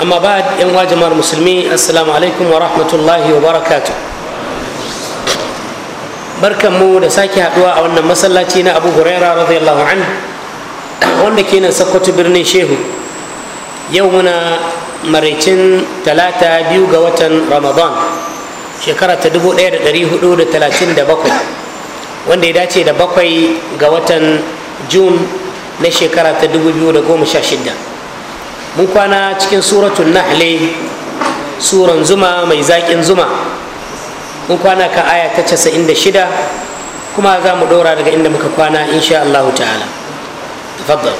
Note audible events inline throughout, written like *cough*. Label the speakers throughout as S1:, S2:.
S1: amma ba yan wa musulmi assalamu alaikum wa rahmatullahi wa barakatu barkanmu da sake haduwa a wannan masallaci na abu huraira radiyallahu an wanda ke nan sakkwato birnin shehu yau muna maraicin talata biyu ga watan ramadan shekara ta bakwai wanda ya dace da bakwai ga watan jun na shekara ta shida. mun kwana cikin suratun nahle suran zuma mai zaƙin zuma mun kwana kan aya ta casa'in da shida kuma za mu ɗora daga inda muka kwana insha Allah ta'ala tafaddal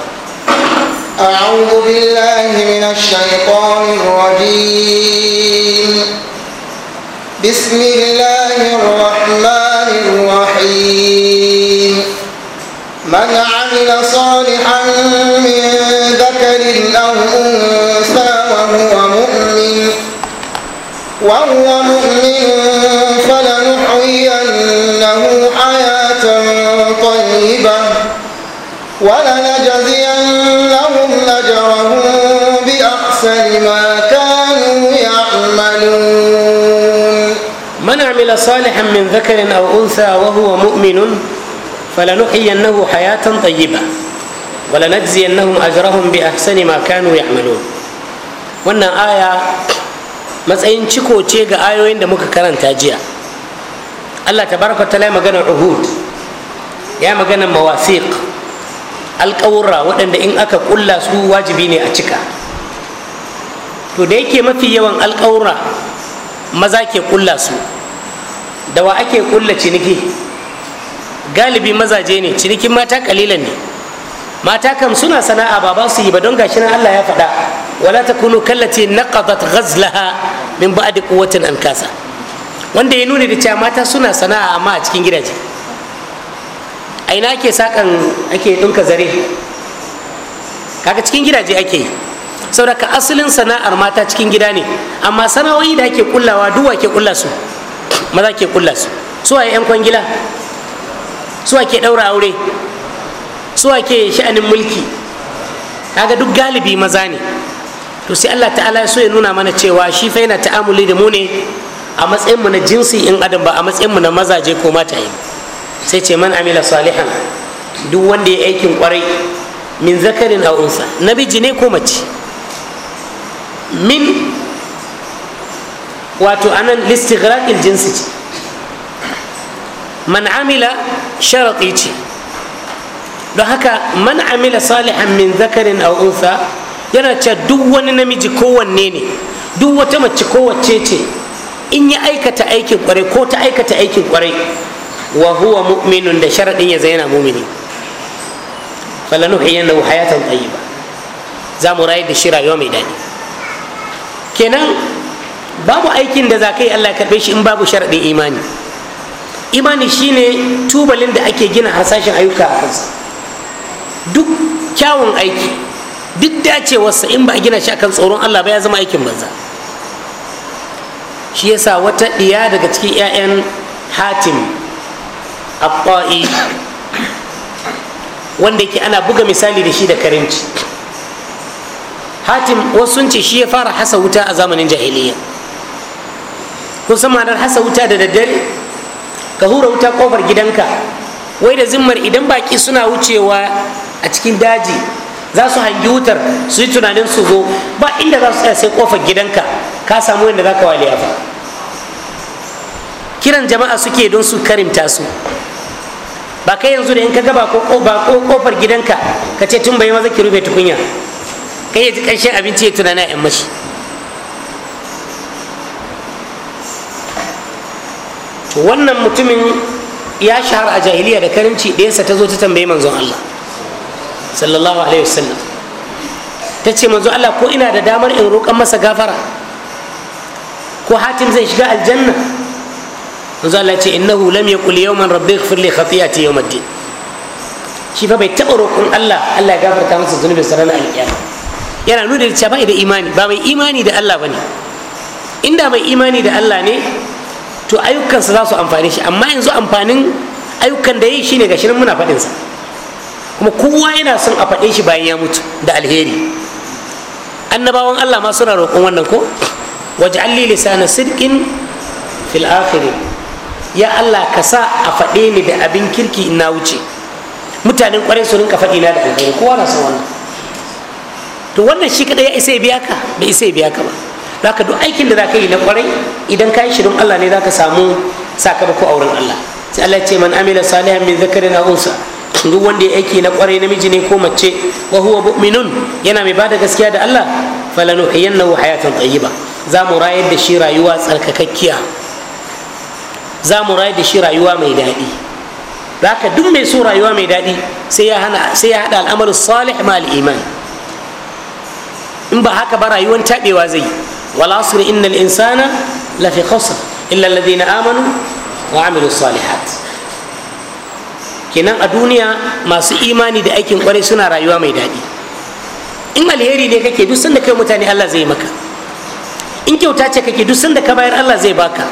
S2: أعوذ بالله من الشيطان الرجيم بسم الله الرحمن الرحيم من عمل صالحا من ذكر أو أنثى وهو مؤمن وهو مؤمن فلنحيينه حياة طيبة ولنجزينهم أجرهم بأحسن ما كانوا يعملون
S1: من عمل صالحا من ذكر أو أنثى وهو مؤمن فلنحيينه حياة طيبة ولنجزينهم أجرهم بأحسن ما كانوا يعملون wannan aya matsayin ciko ce ga ayoyin da muka karanta jiya allah tabaraka ta lai maganar uhud ya magana mawasiq alƙawurra waɗanda in aka ƙulla su wajibi ne a cika to da yake mafi yawan alƙawurra maza ke ƙulla su da wa ake ƙulla ciniki galibi mazaje ne cinikin mata kalilan ne mata kam suna sana'a ba ba su yi ba don gashi nan Allah ya faɗa wala takunu kallati naqadat ghazlaha min ba'di quwwatin ankasa wanda ya nuna da cewa mata suna sana'a amma a cikin gidaje a ina ake sakan ake dinka zare kaga cikin gidaje ake yi saboda asalin sana'ar mata cikin gida ne amma sana'o'i da ake kullawa duwa ke kulla su maza ke kulla su su a yan kwangila su ke ɗaura aure su ke sha'anin mulki kaga duk galibi maza ne to sai Allah ta'ala ya so ya nuna mana cewa shi fa yana ta'amuli da mu ne a matsayin mu na jinsi in adam ba a matsayin mu na mazaje ko mata yi. sai ce man amila salihan duk wanda ya aikin kwarai min zakarin aw unsa namiji ne ko mace min wato anan listighraqil jinsi ce man amila sharaɗi ce don haka man amila salihan min zakarin a unsa yana cewa duk wani namiji kowanne ne duk wata mace kowace ce in ya aikata aikin kwarai ko ta aikata aikin kwarai wa huwa mu'minun da sharaɗin ya zaina mumini falanuhiyannahu hayatan tayyiba za mu rayar da shi rayuwa mai daɗi kenan babu aikin da za ka yi allah karɓe shi in babu sharaɗin imani imani shine tubalin da ake gina harsashin ayyuka a kansa duk kyawun aiki duk dacewarsa in ba a gina shi akan tsoron allah ba ya zama aikin banza shi yasa wata diya daga cikin 'ya'yan hatim abba'i wanda yake ana buga misali da shi da karinci hatim wasu ce shi ya fara hasa wuta a zamanin jahiliya san ma'anar hasa wuta da daddare ka hura wuta kofar gidanka wai da zimmar idan baki suna wucewa a cikin daji za su hangi wutar su yi tunanin su zo ba inda za su tsaya sai kofar gidanka ka samu yadda za ka waliya ba kiran jama'a suke don su karimta su ba kai yanzu da in ka gaba ko ba kofar gidanka ka ce tun bai maza ki rufe tukunya kai ya ji ƙanshin abinci ya tunana yan mashi wannan mutumin ya shahara a jahiliya da karimci ɗayansa ta zo ta tambayi manzon Allah sallallahu alaihi wasallam ta ce manzon Allah ko ina da damar in roƙan masa gafara ko hatim zai shiga aljanna manzon Allah ce innahu lam yaqul yawman rabbi ighfir li khati'ati yawm ad-din shi fa bai taɓa roƙon Allah Allah ya gafarta masa zunubin sa ranar alƙiyama yana nuna da cewa bai da imani ba mai imani da Allah bane inda mai imani da Allah ne to ayyukansa za su amfani shi amma yanzu amfanin ayyukan da ya yi shi ne gashirin muna faɗinsa kuma kowa yana son a faɗe shi bayan ya mutu da alheri annabawan allah ma suna roƙon wannan ko Waje an lili sirkin fil akhirin ya allah ka sa a faɗe ni da abin kirki in na wuce mutanen ƙwarai su rinka faɗi na da alheri kowa na son wannan to wannan shi kaɗai ya isa ya biya ka bai isa ya biya ka ba zaka duk aikin da zaka yi na kwarai idan ka yi shi Allah ne zaka samu sakamako a wurin Allah sai Allah ce man amila salihan min zakarin aw unsa duk wanda ya aiki na kwarai namiji ne ko mace wa huwa mu'minun yana mai bada gaskiya da Allah falanuhiyannahu hayatan tayyiba za mu rayar da shi rayuwa tsarkakakkiya za mu rayar da shi rayuwa mai daɗi haka duk mai so rayuwa mai daɗi sai ya hana sai ya haɗa al'amarin salih ma al'iman in ba haka ba rayuwar taɓewa zai yi. wal asr innal insana lafi khusr illa alladhina amanu wa amilu salihat kenan a duniya masu imani da aikin kwarai suna rayuwa mai daɗi in alheri ne kake duk sanda kai mutane Allah zai maka in kyauta ce kake duk sanda ka bayar Allah zai baka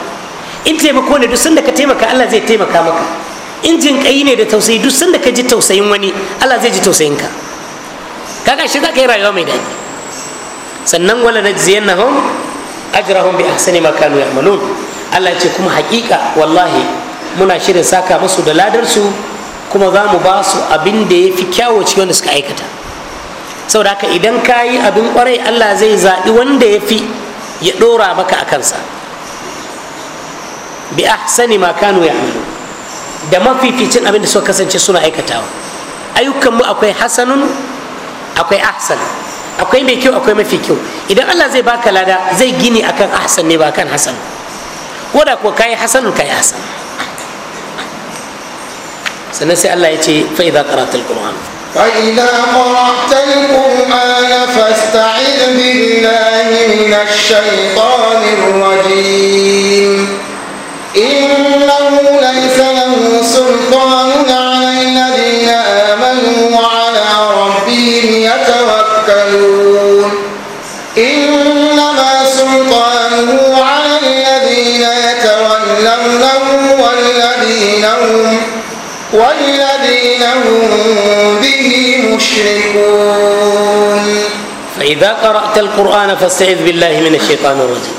S1: in taimako ne duk sanda ka taimaka Allah zai taimaka maka in jin kai ne da tausayi duk sanda ka ji tausayin wani Allah zai ji tausayin ka kaga shi za ka yi rayuwa mai daɗi sannan wala najziyannahum ajrahum bi ahsani ma kanu ya'malun Allah ce kuma haƙiƙa wallahi muna shirin saka musu da ladarsu kuma za mu ba su abin da ya fi kyawo cikin wanda suka aikata saboda haka idan ka yi abin kwarai Allah zai zaɓi wanda ya fi ya ɗora maka a kansa bi ahsani ma kanu ya'malun da mafificin abin da suka kasance suna aikatawa ayyukanmu akwai hasanun akwai ahsan akwai mai kyau akwai mafi kyau idan allah zai baka lada zai gini akan ahsan ne ba kan hasan ko da ko kayi
S2: hasanun kayi hasan
S1: sannan sai allah ya ce fa'iza karatul qur'an
S2: فإذا قرأت القرآن فاستعذ بالله من الشيطان الرجيم إنه ليس له سلطان على الذين آمنوا وعلى يعملون إنما سلطانه على الذين يتولونه والذين هم والذين هم به مشركون فإذا قرأت
S1: القرآن فاستعذ بالله من الشيطان الرجيم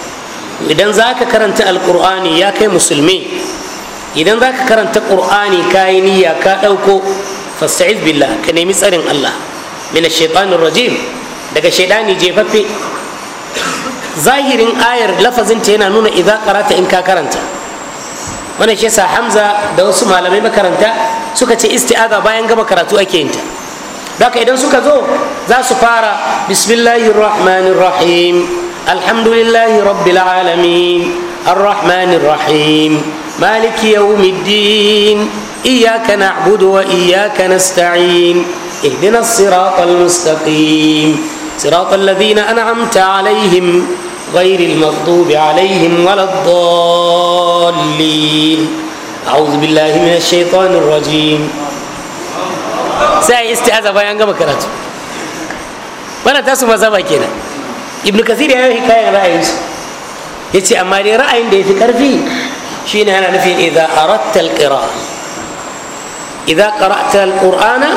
S1: idan za ka karanta alkur'ani ya kai musulmi idan za ka karanta ƙur'ani ka yi niyya ka ɗauko fasta'iz billah ka nemi tsarin allah min shaitanir rajim daga shaidani jefaffe zahirin ayar lafazinta yana nuna idza karata in ka karanta wannan shi yasa hamza da wasu malamai makaranta suka ce isti'aza bayan gama karatu ake yinta haka idan suka zo za su fara bismillahir rahmanir rahim alhamdulillahi rabbil alamin arrahmanir rahim مالك يوم الدين إياك نعبد وإياك نستعين اهدنا الصراط المستقيم صراط الذين أنعمت عليهم غير المغضوب عليهم ولا الضالين أعوذ بالله من الشيطان الرجيم ساي isti'aza bayan gama karatu wannan tasu mazaba ابن كثير يا حكاية yi hikayen ra'ayinsu ya ce amma dai shine yana nufin idza aratta alqira'a idza qara'ta alqur'ana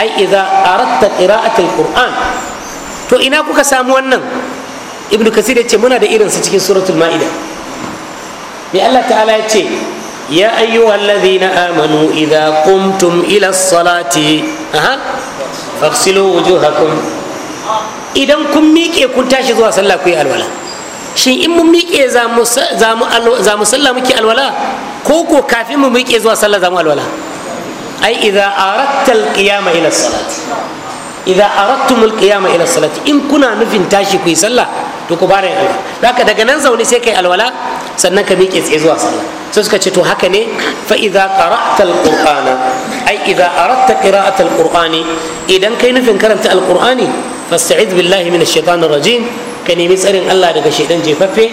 S1: ai idza aratta qira'at alqur'an to ina kuka samu wannan ibn kasir ya ce muna da irinsa cikin suratul ma'ida me Allah ta'ala ya ce ya ayyuhalladhina amanu idza qumtum ila salati aha faghsilu wujuhakum idan kun miƙe kun tashi zuwa sallah ku alwala shin in mun miƙe za mu sallah muke alwala ko ko kafin mu miƙe zuwa sallah za mu alwala ai idza aratta alqiyama ila salati idza aradtum alqiyama ila salati in kuna nufin tashi ku yi sallah to ku bara alwala haka daga nan zaune sai kai alwala sannan ka miƙe tsaye zuwa sallah sai suka ce to haka ne fa idza qara'ta alqur'ana ai idza aradta qira'ata alqur'ani idan kai nufin karanta Al-ƙur'ani, alqur'ani fasta'id billahi minash shaitanir rajim ka nemi tsarin Allah daga shaidan jefaffe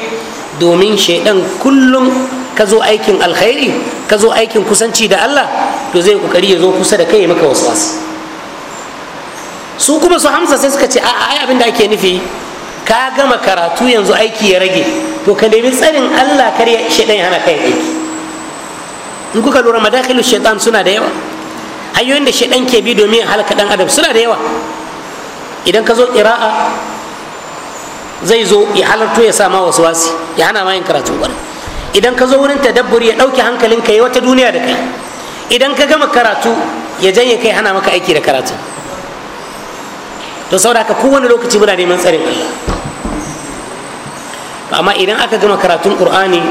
S1: domin shaidan kullum ka zo aikin alkhairi ka zo aikin kusanci da Allah to zai kokari ya zo kusa da kai maka waswas su kuma su hamsa sai suka ce a'a ai abin da ake nufi ka gama karatu yanzu aiki ya rage to ka nemi tsarin Allah kar ya shaidan ya hana kai aiki in kuka lura madakhilu shaitan suna da yawa hanyoyin da shaidan ke bi domin halaka dan adam suna da yawa idan ka zo qira'a zai zo ya halarto ya sama wasu wasi ya hana ma yin karatu ƙwarai idan ka zo wurin tadabburi ya ɗauke ka yi wata duniya da kai idan ka gama karatu ya janye kai hana maka aiki da karatu to saboda kowane lokaci muna neman tsarin Allah amma idan aka gama karatun Qur'ani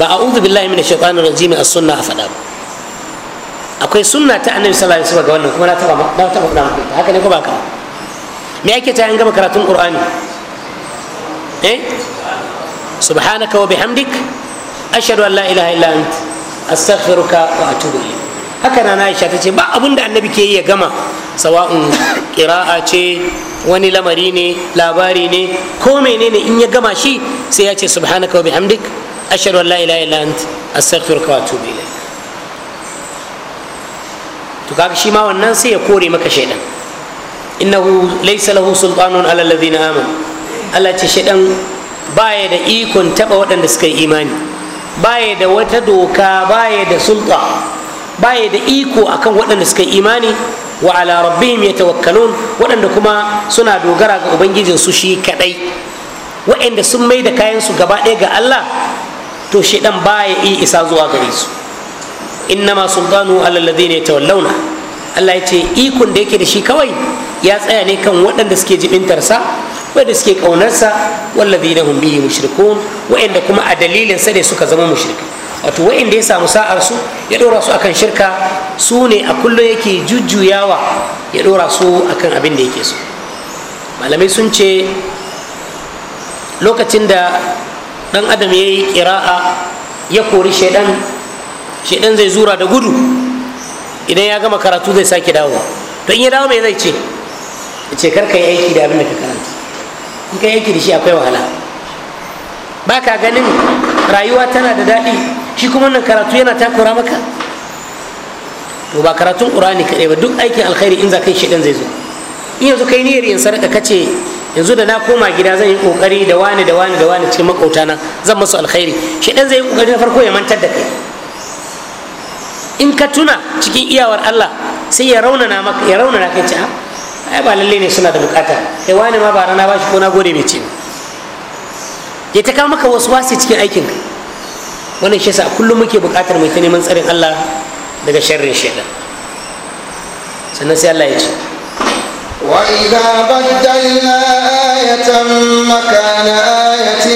S1: ba a'udhu billahi minash shaitanir rajim as-sunna a faɗa akwai sunna ta annabi sallallahu alaihi wasallam ga wannan kuma na taba na taba haka ne ko ba ka me ake ta yin gama karatun qur'ani eh subhanaka wa bihamdik ashhadu an la ilaha illa ant astaghfiruka wa atubu ilayk haka na Aisha ta ce ba abin da annabi ke yi ya gama sawa'un qira'a ce wani lamari ne labari ne ko menene in ya gama shi sai ya ce subhanaka wa bihamdik ashhadu an la ilaha illa ant astaghfiruka wa atubu ilayk to kaga shi ma wannan sai ya kore maka shaidan innahu laysa lahu sultanun ala alladhina amanu Allah ce shedan baya da ikon taba waɗanda suka yi imani baya da wata doka baya da sulta baya da iko akan waɗanda suka yi imani wa ala rabbihim yatawakkalun waɗanda kuma suna dogara ga ubangijin su shi kadai waɗanda sun mai da kayan su gaba ɗaya ga Allah to shedan baya iya isa zuwa gare su innama sultanu ala alladhina yatawallawna Allah ya ce ikon da yake da shi kawai ya tsaya ne kan waɗanda suke jibintarsa waɗanda suke ƙaunarsa wallazi na hun bihi mushrikun waɗanda kuma a dalilin sa ne suka zama mushrikai wato waɗanda ya samu sa'ar su ya ɗora su akan shirka su ne a kullum yake jujjuyawa ya ɗora su akan abin da yake so malamai sun ce lokacin da ɗan adam ya yi ƙira'a ya kori shaidan shaidan zai zura da gudu idan ya gama karatu zai sake dawo to in ya dawo mai zai ce ya ce kar yi aiki da abin da ka karanta in ka yi aiki da shi akwai wahala ba ka ganin rayuwa tana da daɗi shi kuma wannan karatu yana takura maka to ba karatun ƙur'ani kaɗai ba duk aikin alkhairi in za ka shi shaidan zai zo in yanzu kai niyyar in sadaka ce yanzu da na koma gida zan yi kokari da wani da wani da wani cikin makauta na zan masu alkhairi shi dan zai yi kokari na farko ya mantar da kai in ka tuna cikin iyawar Allah sai ya raunana maka ya raunana kai ci ah, ai ba lalle ne suna da bukata kai wani ma ba rana shi ko na gode mai ce ya ta kawo maka wasu wasi cikin aikin ka wannan shi yasa kullum muke bukatar mai ta neman tsarin Allah daga sharrin shaidan sannan sai Allah ya ce
S2: وإذا بدلنا آية مكان آية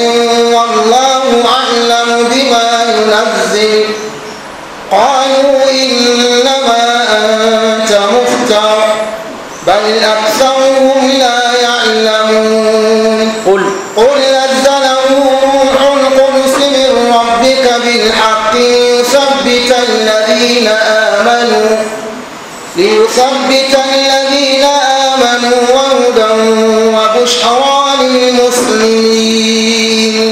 S2: والله أعلم بما ينزل قالوا إنما أنت مفتر بل أكثرهم لا يعلمون قل قل نزله روح القدس من ربك بالحق ليثبت الذين آمنوا ليثبت الذين آمنوا وهدى وبشرى للمسلمين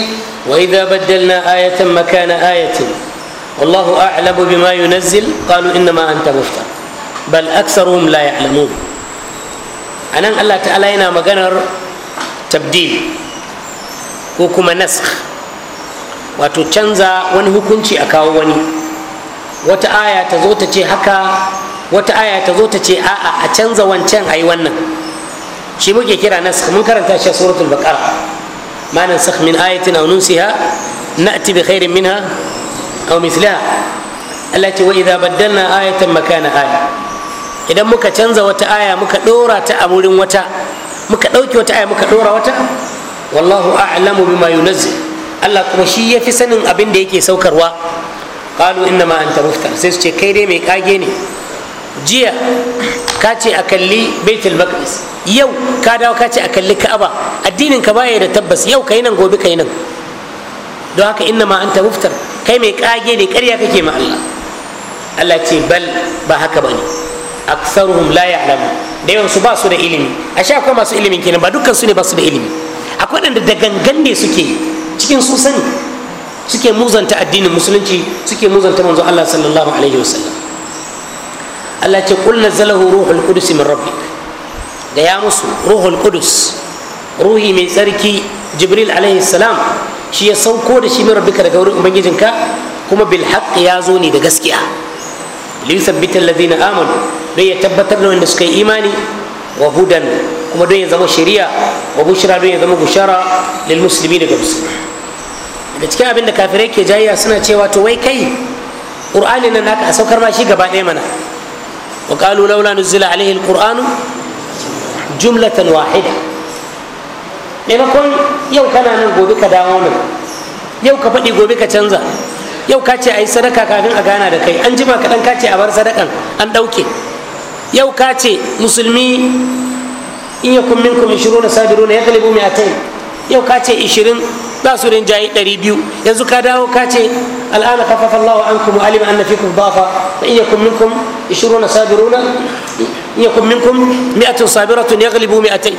S1: وإذا بدلنا آية مكان آية والله أعلم بما ينزل قالوا إنما أنت مفتر بل أكثرهم لا يعلمون أنا الله تعالى هنا مغنر تبديل ko kuma nask wato canza wani hukunci a kawo wani wata aya ta zo ta ce haka wata aya ta zo ta ce a'a a canza wancan a yi wannan shi muke kira nask mun karanta shi a suratul baqara ma nansakh min ayatin aw nunsiha na'ti bi khairin minha aw misliha Allah ce wa idza baddalna ayatan makana aya idan muka canza wata aya muka dora ta a wurin wata muka dauki wata aya muka dora wata wallahu a'lamu bima yunazzi Allah kuma shi yafi sanin abin da yake saukarwa qalu inna ma anta muftar sai su ce kai dai mai kage ne jiya ka ce a kalli baitul maqdis yau ka dawo ka ce a kalli ka'aba addinin ka baya da tabbas yau kai nan gobe kai nan don haka inna ma anta muftar kai mai kage ne karya kake ma Allah Allah ce bal ba haka bane aksaruhum la ya'lamu da yawan su ba su da ilimi a sha akwai masu ilimin kenan ba dukkan su ne ba su da ilimi akwai da da gangan ne suke cikin su sani suke muzanta addinin musulunci suke muzanta manzo Allah sallallahu alaihi wasallam Allah ce qul nazzalahu ruhul qudus min rabbik ga ya musu ruhul qudus ruhi mai tsarki jibril alaihi salam shi ya sauko da shi min rabbika daga wurin ubangijinka kuma bil haqqi ya zo ne da gaskiya li yuthabbita alladhina amanu don ya tabbatar da wanda suka yi imani wa hudan kuma don ya zama shari'a wa bushra don ya zama bushara lil musulmi daga musulmi Da cikin abin da kafirai ke jayya suna cewa to wai kai qur'ani nan naka a saukar ma shi gaba ɗaya mana wa qalu laula nuzila alaihi alqur'anu jumlatan wahida maimakon yau kana nan gobe ka dawo nan yau ka faɗi gobe ka canza yau ka ce a yi sadaka kafin a gana da kai an jima kaɗan ka ce a bar sadakan an ɗauke yau ka ce musulmi in ya kun minkum ishiru na sabiru na ya kalibu mai atai yau ka ce ishirin ba su rinjaye ɗari biyu yanzu ka dawo ka ce al'ana kafafa Allah an kuma alima an nafi kuma bafa da in kun minkum ishiru na sabiru na iya ya kun minkum mi'atun sabiratun ya kalibu mai atai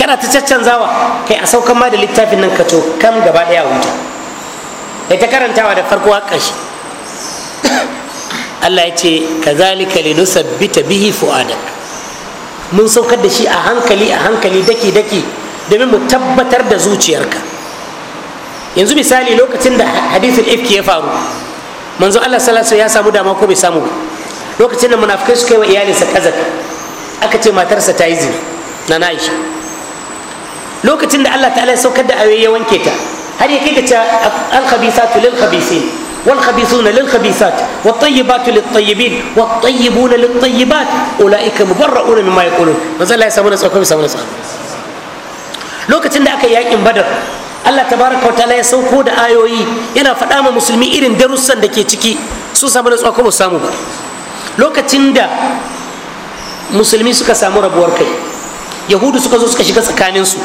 S1: kana ta caccanzawa kai a saukan ma da littafin nan ka kam gaba daya wuta kai ta karantawa da farko har ƙarshe *coughs* Allah ya ce kazalika nusabbita bihi fu'adak mun saukar da shi a hankali a hankali daki daki domin mu tabbatar da zuciyarka yanzu misali lokacin da hadithul ifki ya faru manzo Allah sallallahu ya samu dama ko bai samu ba lokacin da munafikai suka yi wa iyalinsa kazak aka ce matarsa ta yi zina na Aisha lokacin da Allah ta'ala ya saukar da ayoyi ya wanke ta har ya kai ga cewa al-khabisatu lil khabisin wal khabisuna lil khabisat wat tayyibatu lit tayyibin wat tayyibuna lit tayyibat ulaika mubarra'una mimma yaqulun manzo Allah ya samu nasuwa kuma samu nasuwa lokacin da aka yi yakin badar Allah tabaraka wa ta'ala ya sauko da ayoyi yana faɗawa musulmi irin darussan da ke ciki su samu nasuwa samu ba lokacin da musulmi suka samu rabuwar kai yahudu suka zo suka shiga tsakaninsu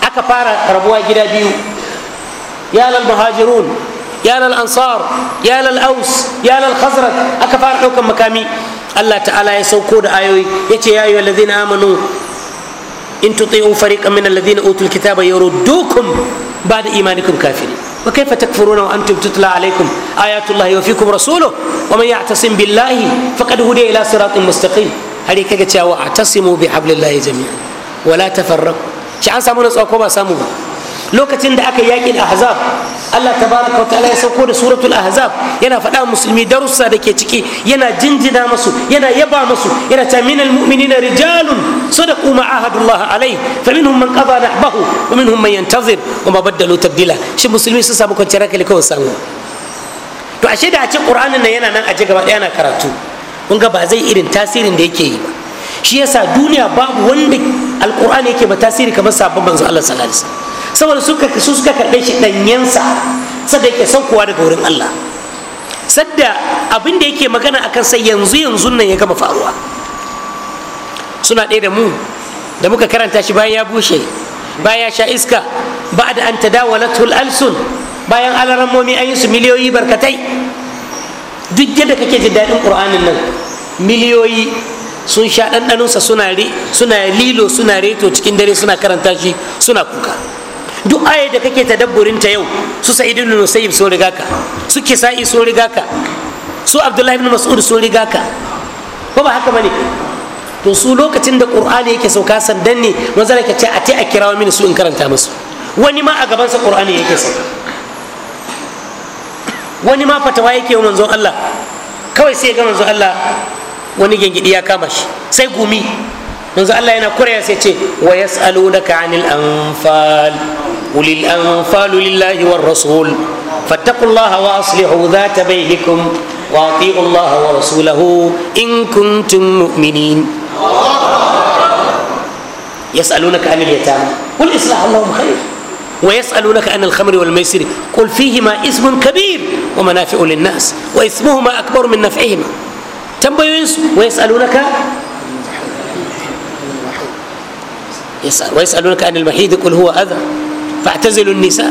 S1: aka fara rabuwa gida biyu ya lal muhajirun ya lal ansar ya lal aus ya lal aka fara ɗaukan makami Allah ta'ala ya sauko da ayoyi yace ya ayyuhal ladzina amanu in tuti'u fariqan min alladhina utul kitaba yuruddukum ba'da imanikum kafirin وكيف تكفرون وانتم تتلى عليكم ايات الله وفيكم رسوله ومن يعتصم بالله فقد هدي الى صراط مستقيم هذه كجا واعتصموا بحبل الله جميعا ولا تفرقوا shi an samu natsuwa ko ba samu ba lokacin da aka yaƙi da ahzab Allah tabaraka wa ta'ala ya sauko da suratul ahzab yana faɗa musulmi darussa da ke ciki yana jinjina masu yana yaba masu yana ta minal na rijalun sadaqu ma ahadullah alai fa minhum man qada nahbahu wa minhum man yantazir wa ma baddalu tabdila shi musulmi sun samu kwanciyar hankali kawai samu to ashe da a ce qur'anin nan yana nan aje gaba ɗaya na karatu kun ga ba zai irin tasirin da yake yi ba shi yasa duniya babu wanda alkur'ani yake ba tasiri kamar sabon manzo Allah sallallahu alaihi wasallam saboda suka su suka karɓe shi danyensa sada yake saukowa daga wurin Allah sadda abin da yake magana akan sai yanzu yanzu nan ya gama faruwa suna ɗaya da mu da muka karanta shi bayan ya bushe bayan ya sha iska ba da an tadawalatul alsun bayan alarammomi an yi su miliyoyi barkatai duk yadda kake jin daɗin ƙur'anin nan miliyoyi sun sha ɗanɗanonsa suna suna lilo suna reto cikin dare suna karanta shi suna kuka duk aya da kake ta yau su sa'idun nusayyib sun riga ka su sa'i sun riga ka su abdullahi ibn mas'ud sun riga ka ko ba haka bane to su lokacin da qur'ani yake sauka sandan ne manzo ke ce a te a kirawo mini su in karanta musu wani ma a gabansa qur'ani yake sauka wani ma fatawa yake wa manzon Allah kawai sai ga manzon Allah wani gengidi ya kama shi sai gumi manzo Allah yana kuraya sai ce wa yas'alunaka 'anil anfal ulil anfal lillahi war rasul fattaqullaha wa aslihu dhata bainakum wa ati'u Allah wa rasulahu in kuntum mu'minin yas'alunaka 'anil yatama qul islahu lahum khair ويسألونك عن الخمر والميسر قل فيهما إثم كبير ومنافع للناس وإثمهما أكبر من نفعهما tambayoyinsu wa yas'alunaka ويسألونك عن المحيض قل هو أذى فاعتزلوا nisa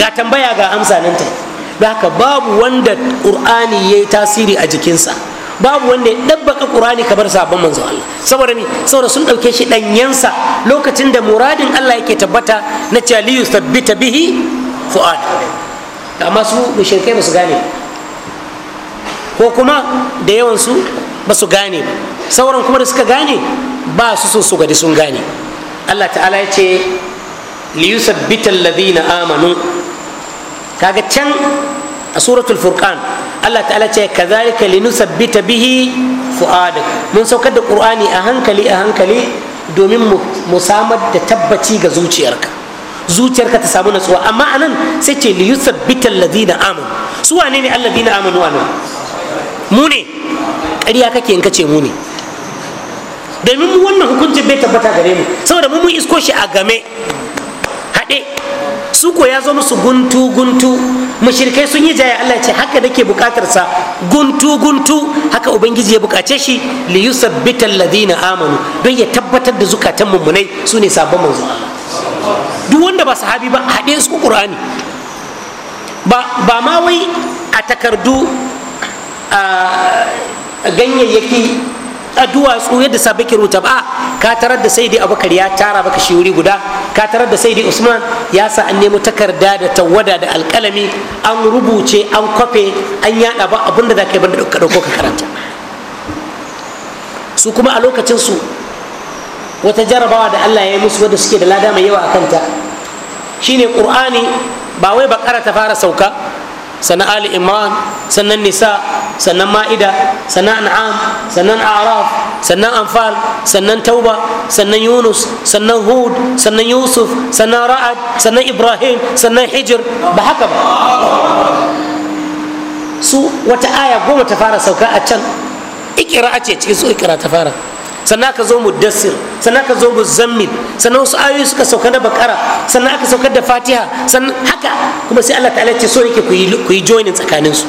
S1: ga tambaya ga amsa nan ta da haka babu wanda qur'ani yayi tasiri a jikinsa babu wanda ya dabbaka qur'ani kamar sabon manzo Allah saboda ni saboda sun ɗauke shi ɗanyensa lokacin da muradin Allah yake tabbata na cewa li yuthabbita bihi fuad amma su mushrikai ba su gane ko kuma da yawansu ba su gane ba sauran kuma da suka gane ba su sun su gadi sun gane allah ta'ala ya ce liyusabbita alladhina amanu kaga can a suratul furqan allah ta'ala ce kadhalika linusabbita bihi fu'adak mun saukar da qur'ani a hankali a hankali domin mu samar da tabbaci ga zuciyarka zuciyarka ta samu natsuwa amma anan sai ce liyusabbita alladhina amanu su wane ne alladhina amanu anan mu ne ƙarya kake in kace mu ne domin mu wannan hukuncin bai tabbata gare mu saboda mu mun isko shi a game haɗe su ko ya zo musu guntu guntu mushrikai sun yi jaya Allah ce haka nake bukatar sa guntu guntu haka ubangiji ya bukace shi li yusabbita alladhina amanu don ya tabbatar da zukatan mummunai su ne sabon manzo duk wanda ba sahabi ba haɗe su qur'ani ba ba ma wai a takardu a ganyayyaki a duwatsu yadda sa baki rubuta ba ka tarar da sai dai abubakar ya tara baka shi wuri guda ka tarar da sai dai usman ya sa an nemi takarda da tawada da alkalami an rubuce an kwafe an yada ba abinda za ka yi banda ka dauko ka karanta su kuma a lokacin su wata jarabawa da Allah ya yi musu wadda suke da lada mai yawa a kanta shine qur'ani ba wai bakara ta fara sauka sannan ali imran sannan nisa sannan ma'ida sannan an'am sannan araf sannan anfal sannan tauba sannan yunus sannan hud sannan yusuf sannan ra'ad sannan ibrahim sannan hijir ba haka ba su wata aya goma ta fara sauka a can ikira ce cikin su ikira ta fara sannan aka zo muddassir sannan aka zo muzammil sannan wasu ayoyi suka sauka na bakara sannan aka saukar da fatiha sannan haka kuma sai Allah ta'ala ce so yake ku yi joining tsakanin su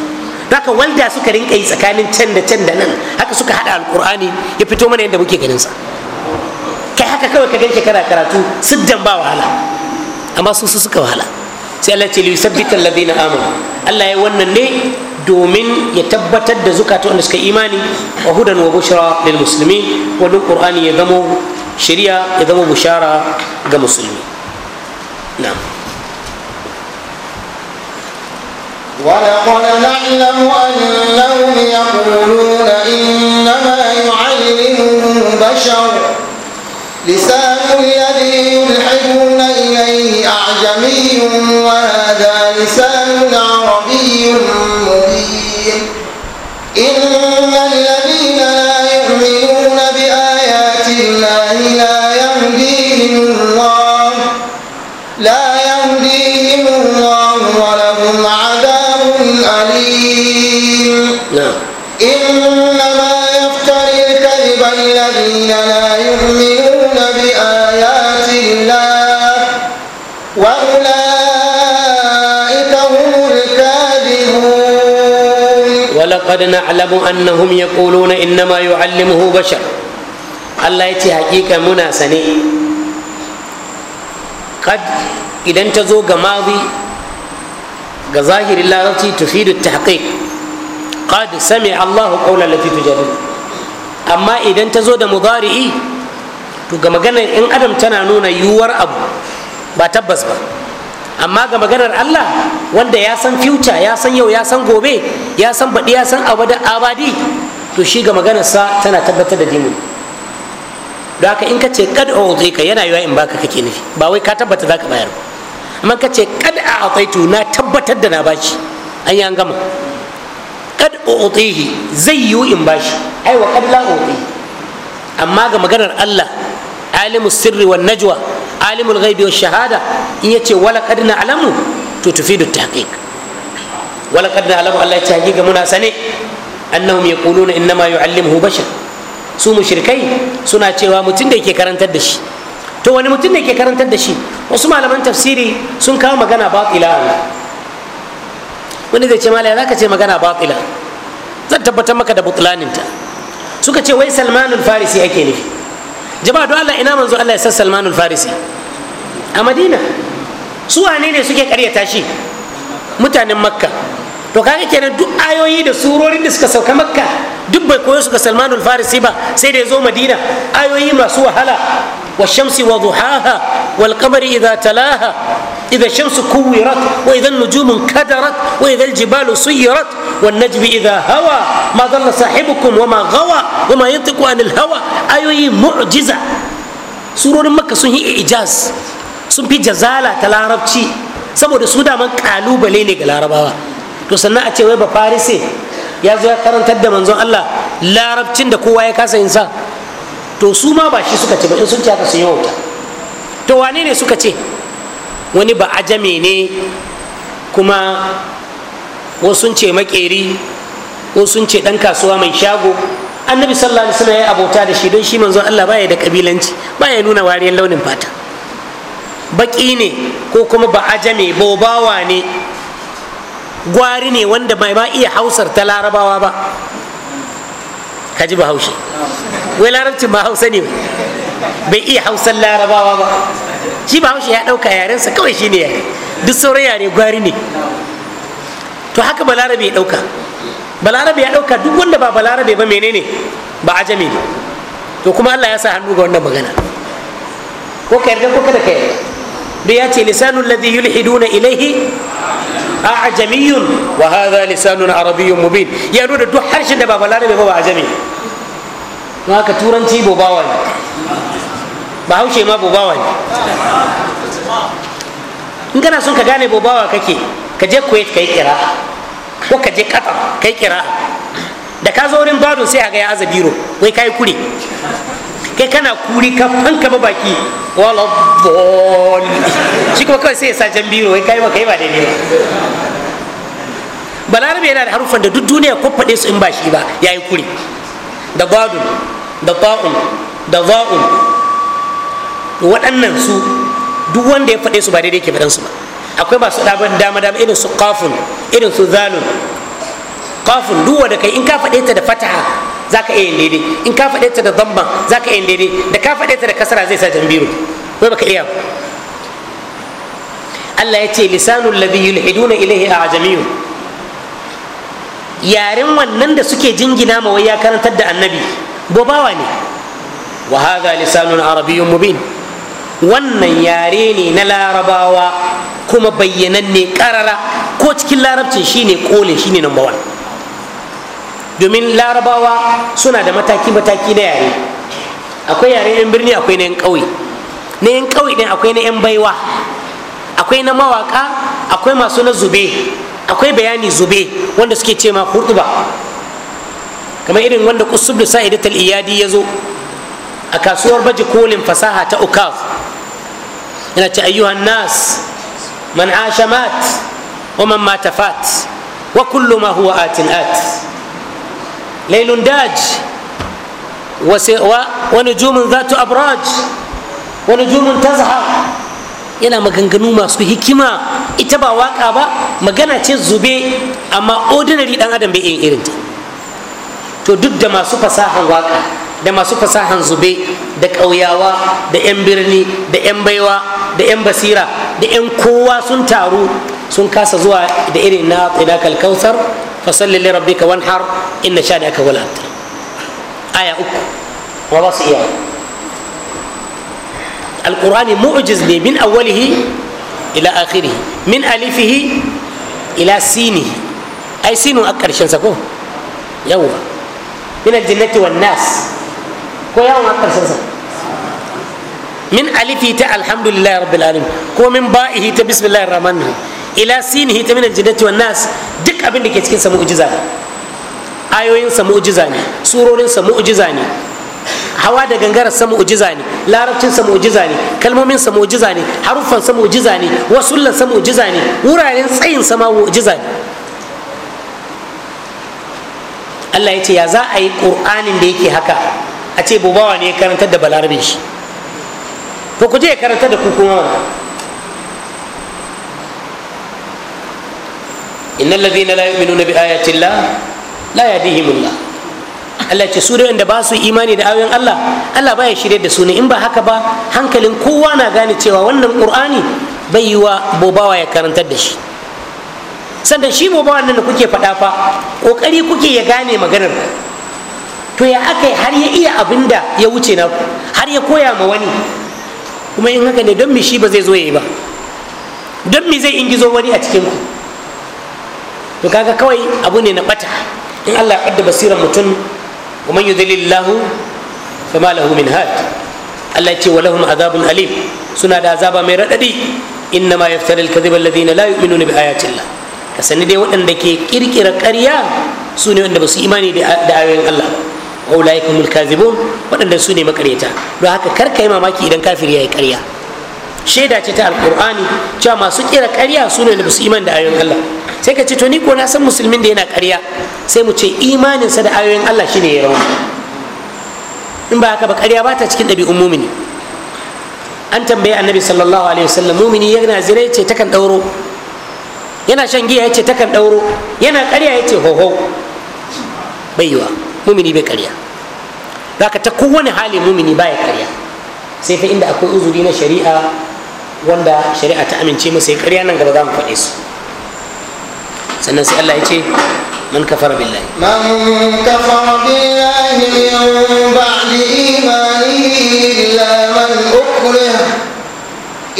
S1: haka walda suka rinka yi tsakanin can da can da nan haka suka hada alqur'ani ya fito mana yadda muke ganin sa kai haka kawai ka ganke kana karatu siddan ba wahala amma su suka wahala sai Allah ce li yusabbita alladhina amanu Allah ya wannan ne domin ya tabbatar da zukata wanda suka imani wa hudan wa bushra lil muslimin wannan qur'ani ya zamo shari'a ya zamo bushara ga musulmi na'am
S2: ولقد نعلم أنهم يقولون إنما يعلمه بشر لسان الذي يلحدون إليه أعجمي وهذا لسان عربي الذين لا يؤمنون بآيات الله لا يهديهم الله ولهم عذاب أليم نعم. إنما الذين لا يؤمنون بآيات الله
S1: ولقد نعلم أنهم يقولون إنما يعلمه بشر الله يتي حقيقة منا سني قد إذا انتزو قماضي قظاهر الله التي تفيد التحقيق قد سمع الله قول التي تجادل أما إذا انتزو دا مضارئي to ga maganar in adam tana nuna yiwuwar abu ba tabbas ba amma ga maganar Allah wanda ya san future ya san yau ya san gobe ya san baɗi ya san abada abadi to shi ga maganarsa tana tabbatar da dini da haka in ka ce kad ka yana yiwa in baka kake nufi ba wai ka tabbata ka bayar amma ka ce kad a a'taitu na tabbatar da na bashi an yi an gama kad utihi zai yiwu in bashi ai wa kad la utihi amma ga maganar Allah alimu sirri wa najwa alimul ghaibi wa shahada in yace wala qad na'lamu to tufidu tahqiq wala qad na'lamu Allah ta hakika muna sane annahum yaquluna innama yu'allimuhu bashar su mushrikai suna cewa mutun da yake karantar da shi to wani mutun da yake karantar da shi wasu malaman tafsiri sun kawo magana batila wani zai ce malaya zaka ce magana batila zan tabbatar maka da butlaninta suka ce wai salmanul farisi ake nufi jama'a don Allah ina manzo Allah ya san Salmanul Farisi a Madina su wane ne suke karyata shi mutanen Makka to kaga kenan duk ayoyi da surorin da suka sauka Makka duk bai koyo suka Salmanul Farisi ba sai da ya zo Madina ayoyi masu wahala والشمس وضحاها والقمر إذا تلاها إذا الشمس كورت وإذا النجوم انكدرت وإذا الجبال سيرت والنجم إذا هوى ما ضل صاحبكم وما غوى وما ينطق عن الهوى أي معجزة سورة مكة سنهي إعجاز sun fi jazala ta larabci saboda su daman kalubale ne ga larabawa to sannan a ce wai ba farise ya zo ya karantar da manzon Allah larabcin da kowa ya kasa yin sa to su ma ba shi suka ce ba in sun ce haka sun yi wauta to wane ne suka ce wani ba ne kuma wasu sun ce makeri wasu sun ce dan kasuwa mai shago annabi sallallahu alaihi wasallam ya abota da shi don shi manzon Allah baya da kabilanci baya nuna wariyar launin fata baki ne ko kuma ba ajame bobawa ne gwari ne wanda bai ba iya hausar ta larabawa ba ka ji bahaushe wai larabcin ba hausa ne bai iya hausan larabawa ba shi bahaushe ya ɗauka yarensa kawai shi ne yare duk sauran yare gwari ne to haka balarabe ya ɗauka balarabe ya ɗauka duk wanda ba balarabe ba menene ba ajami ne to kuma allah ya sa hannu ga wannan magana ko ka yarda ko kada ka yarda da ya ce lisanun ladhi yulhiduna ilaihi a'jamiyun wa hadha lisanun arabiyyun mubin ya nuna duk harshen da ba balarabe ba ba ajami don ka turanci bobawa ne haushe ma bobawa ne in kana son ka gane bobawa kake ka je kuwait ka yi kira ko ka je qatar ka yi kira da ka zo wurin badun sai a ga ya aza biro wai ka yi kure kai kana kuri ka fanka ba baki wala shi kuma kawai sai ya sa jan biro wai kai ba kai ba daidai ba balarabe yana da haruffan da duk duniya ko faɗe su in ba shi ba ya yi kuri da gadun da ta'un da za'un waɗannan su duk wanda ya faɗe su ba daidai ke faɗan su ba akwai masu ɗaban dama dama irin su kafun irin su zalun kafun duwa da kai in ka faɗe ta da fataha za ka iya yin daidai in ka faɗe ta da zamban za ka iya yin daidai da ka faɗe ta da kasara zai sa tambiru wai baka iya Allah ya ce lisanul ladhi yulhiduna ilayhi a'jamiyun yaren wannan da suke jingina ma wai ya karantar da annabi bobawa ne wa hadha lisanun arabiyyun mubin wannan yare ne na larabawa kuma bayyananne karara ko cikin larabcin shine kolin shine number domin larabawa suna da mataki-mataki na yare akwai yare 'yan birni akwai na 'yan ƙauye na 'yan ƙauye ɗin akwai na 'yan baiwa akwai na mawaƙa akwai masu na zube akwai bayani zube wanda suke ce ma ba kamar irin wanda kusur da sa'idatul iyadi ya zo a kasuwar baje kolin fasaha ta ukaf yana ce ayyuhan nas man ashamat wa man matafat wa kullu ma huwa atin at ليل داج ونجوم ذات أبراج ونجوم تزهر yana maganganu masu hikima ita ba waka ba magana ce zube amma ordinary dan adam bai irin ta to duk da masu fasahan waka da masu fasahan zube da ƙauyawa da 'yan birni da 'yan baiwa da 'yan basira da 'yan kowa sun taru sun kasa zuwa da irin na tsina kalkausar فصل لربك وانحر إن شانئك هو الأبتر آية أكو والله سيئة القرآن معجز لي من أوله إلى آخره من ألفه إلى سينه أي سين أكر سكو يوم من الجنة والناس كو يوم أكر شنسكو من ألفه تا الحمد لله رب العالمين كو من بائه تبسم بسم الله الرحمن الرحيم ila sinihi ta min jinnati wan nas duk abin da ke cikin sa mu'jiza ne ayoyin sa mu'jiza ne surorin sa mu'jiza ne hawa da gangara sa mu'jiza ne larabcin sa mu'jiza ne kalmomin sa mu'jiza ne haruffan sa mu'jiza ne wasullan sa mu'jiza ne wuraren tsayin sa ma mu'jiza ne Allah ya ce ya za a yi ƙur'anin da yake haka a ce bobawa ne ya karantar da balarabe shi to ku je ya karantar da ku kuma inna ladhina la yu'minuna bi ayati llah la yahdihimullah Allah ce su da ba su imani da ayoyin Allah Allah baya shirye da su ne in ba haka ba hankalin kowa na gane cewa wannan Qur'ani bai yi wa bobawa ya karantar da shi sannan shi Bobawa nan da kuke faɗa fa kokari kuke ya gane maganar to ya aka har ya iya abin da ya wuce na har ya koya ma wani kuma in haka ne don mi shi ba zai zo ya yi ba don mi zai ingizo wani a cikin ku to kaga kawai abu ne na bata in Allah ya kadda basiran mutum wa man yudlilillahu fama lahu min had Allah ce wa lahum azabun alim suna da azaba mai radadi ma yaftari alkadhiba alladhina la yu'minuna bi ayati Allah ka sani dai waɗanda ke kirkira ƙarya su ne wanda ba su imani da ayoyin Allah wa ulaikumul kadhibun waɗanda su ne makaryata don haka kar ka yi mamaki idan kafiri ya yi ƙarya shaida ce ta alkur'ani cewa masu kira ƙarya su ne da su iman da ayoyin Allah sai ka ce to ni ko na san musulmin da yana ƙarya sai mu ce imaninsa da ayoyin Allah shine ya rauni in ba haka ba ƙarya ba ta cikin ɗabi'un mumini an tambaye annabi sallallahu alaihi wasallam mumini yana zira ya ce takan ɗauro yana shan giya ya ce takan ɗauro yana ƙarya ya ce hoho bai yiwa mumini bai ƙarya za ka ta kowane hali mumini ya ƙarya sai fa inda akwai uzuri na shari'a wanda shari'a ta amince masa ya karya nan gaba za mu faɗe su sannan sai Allah ya ce man kafara billahi
S2: man kafara billahi min ba'di imanihi illa man ukriha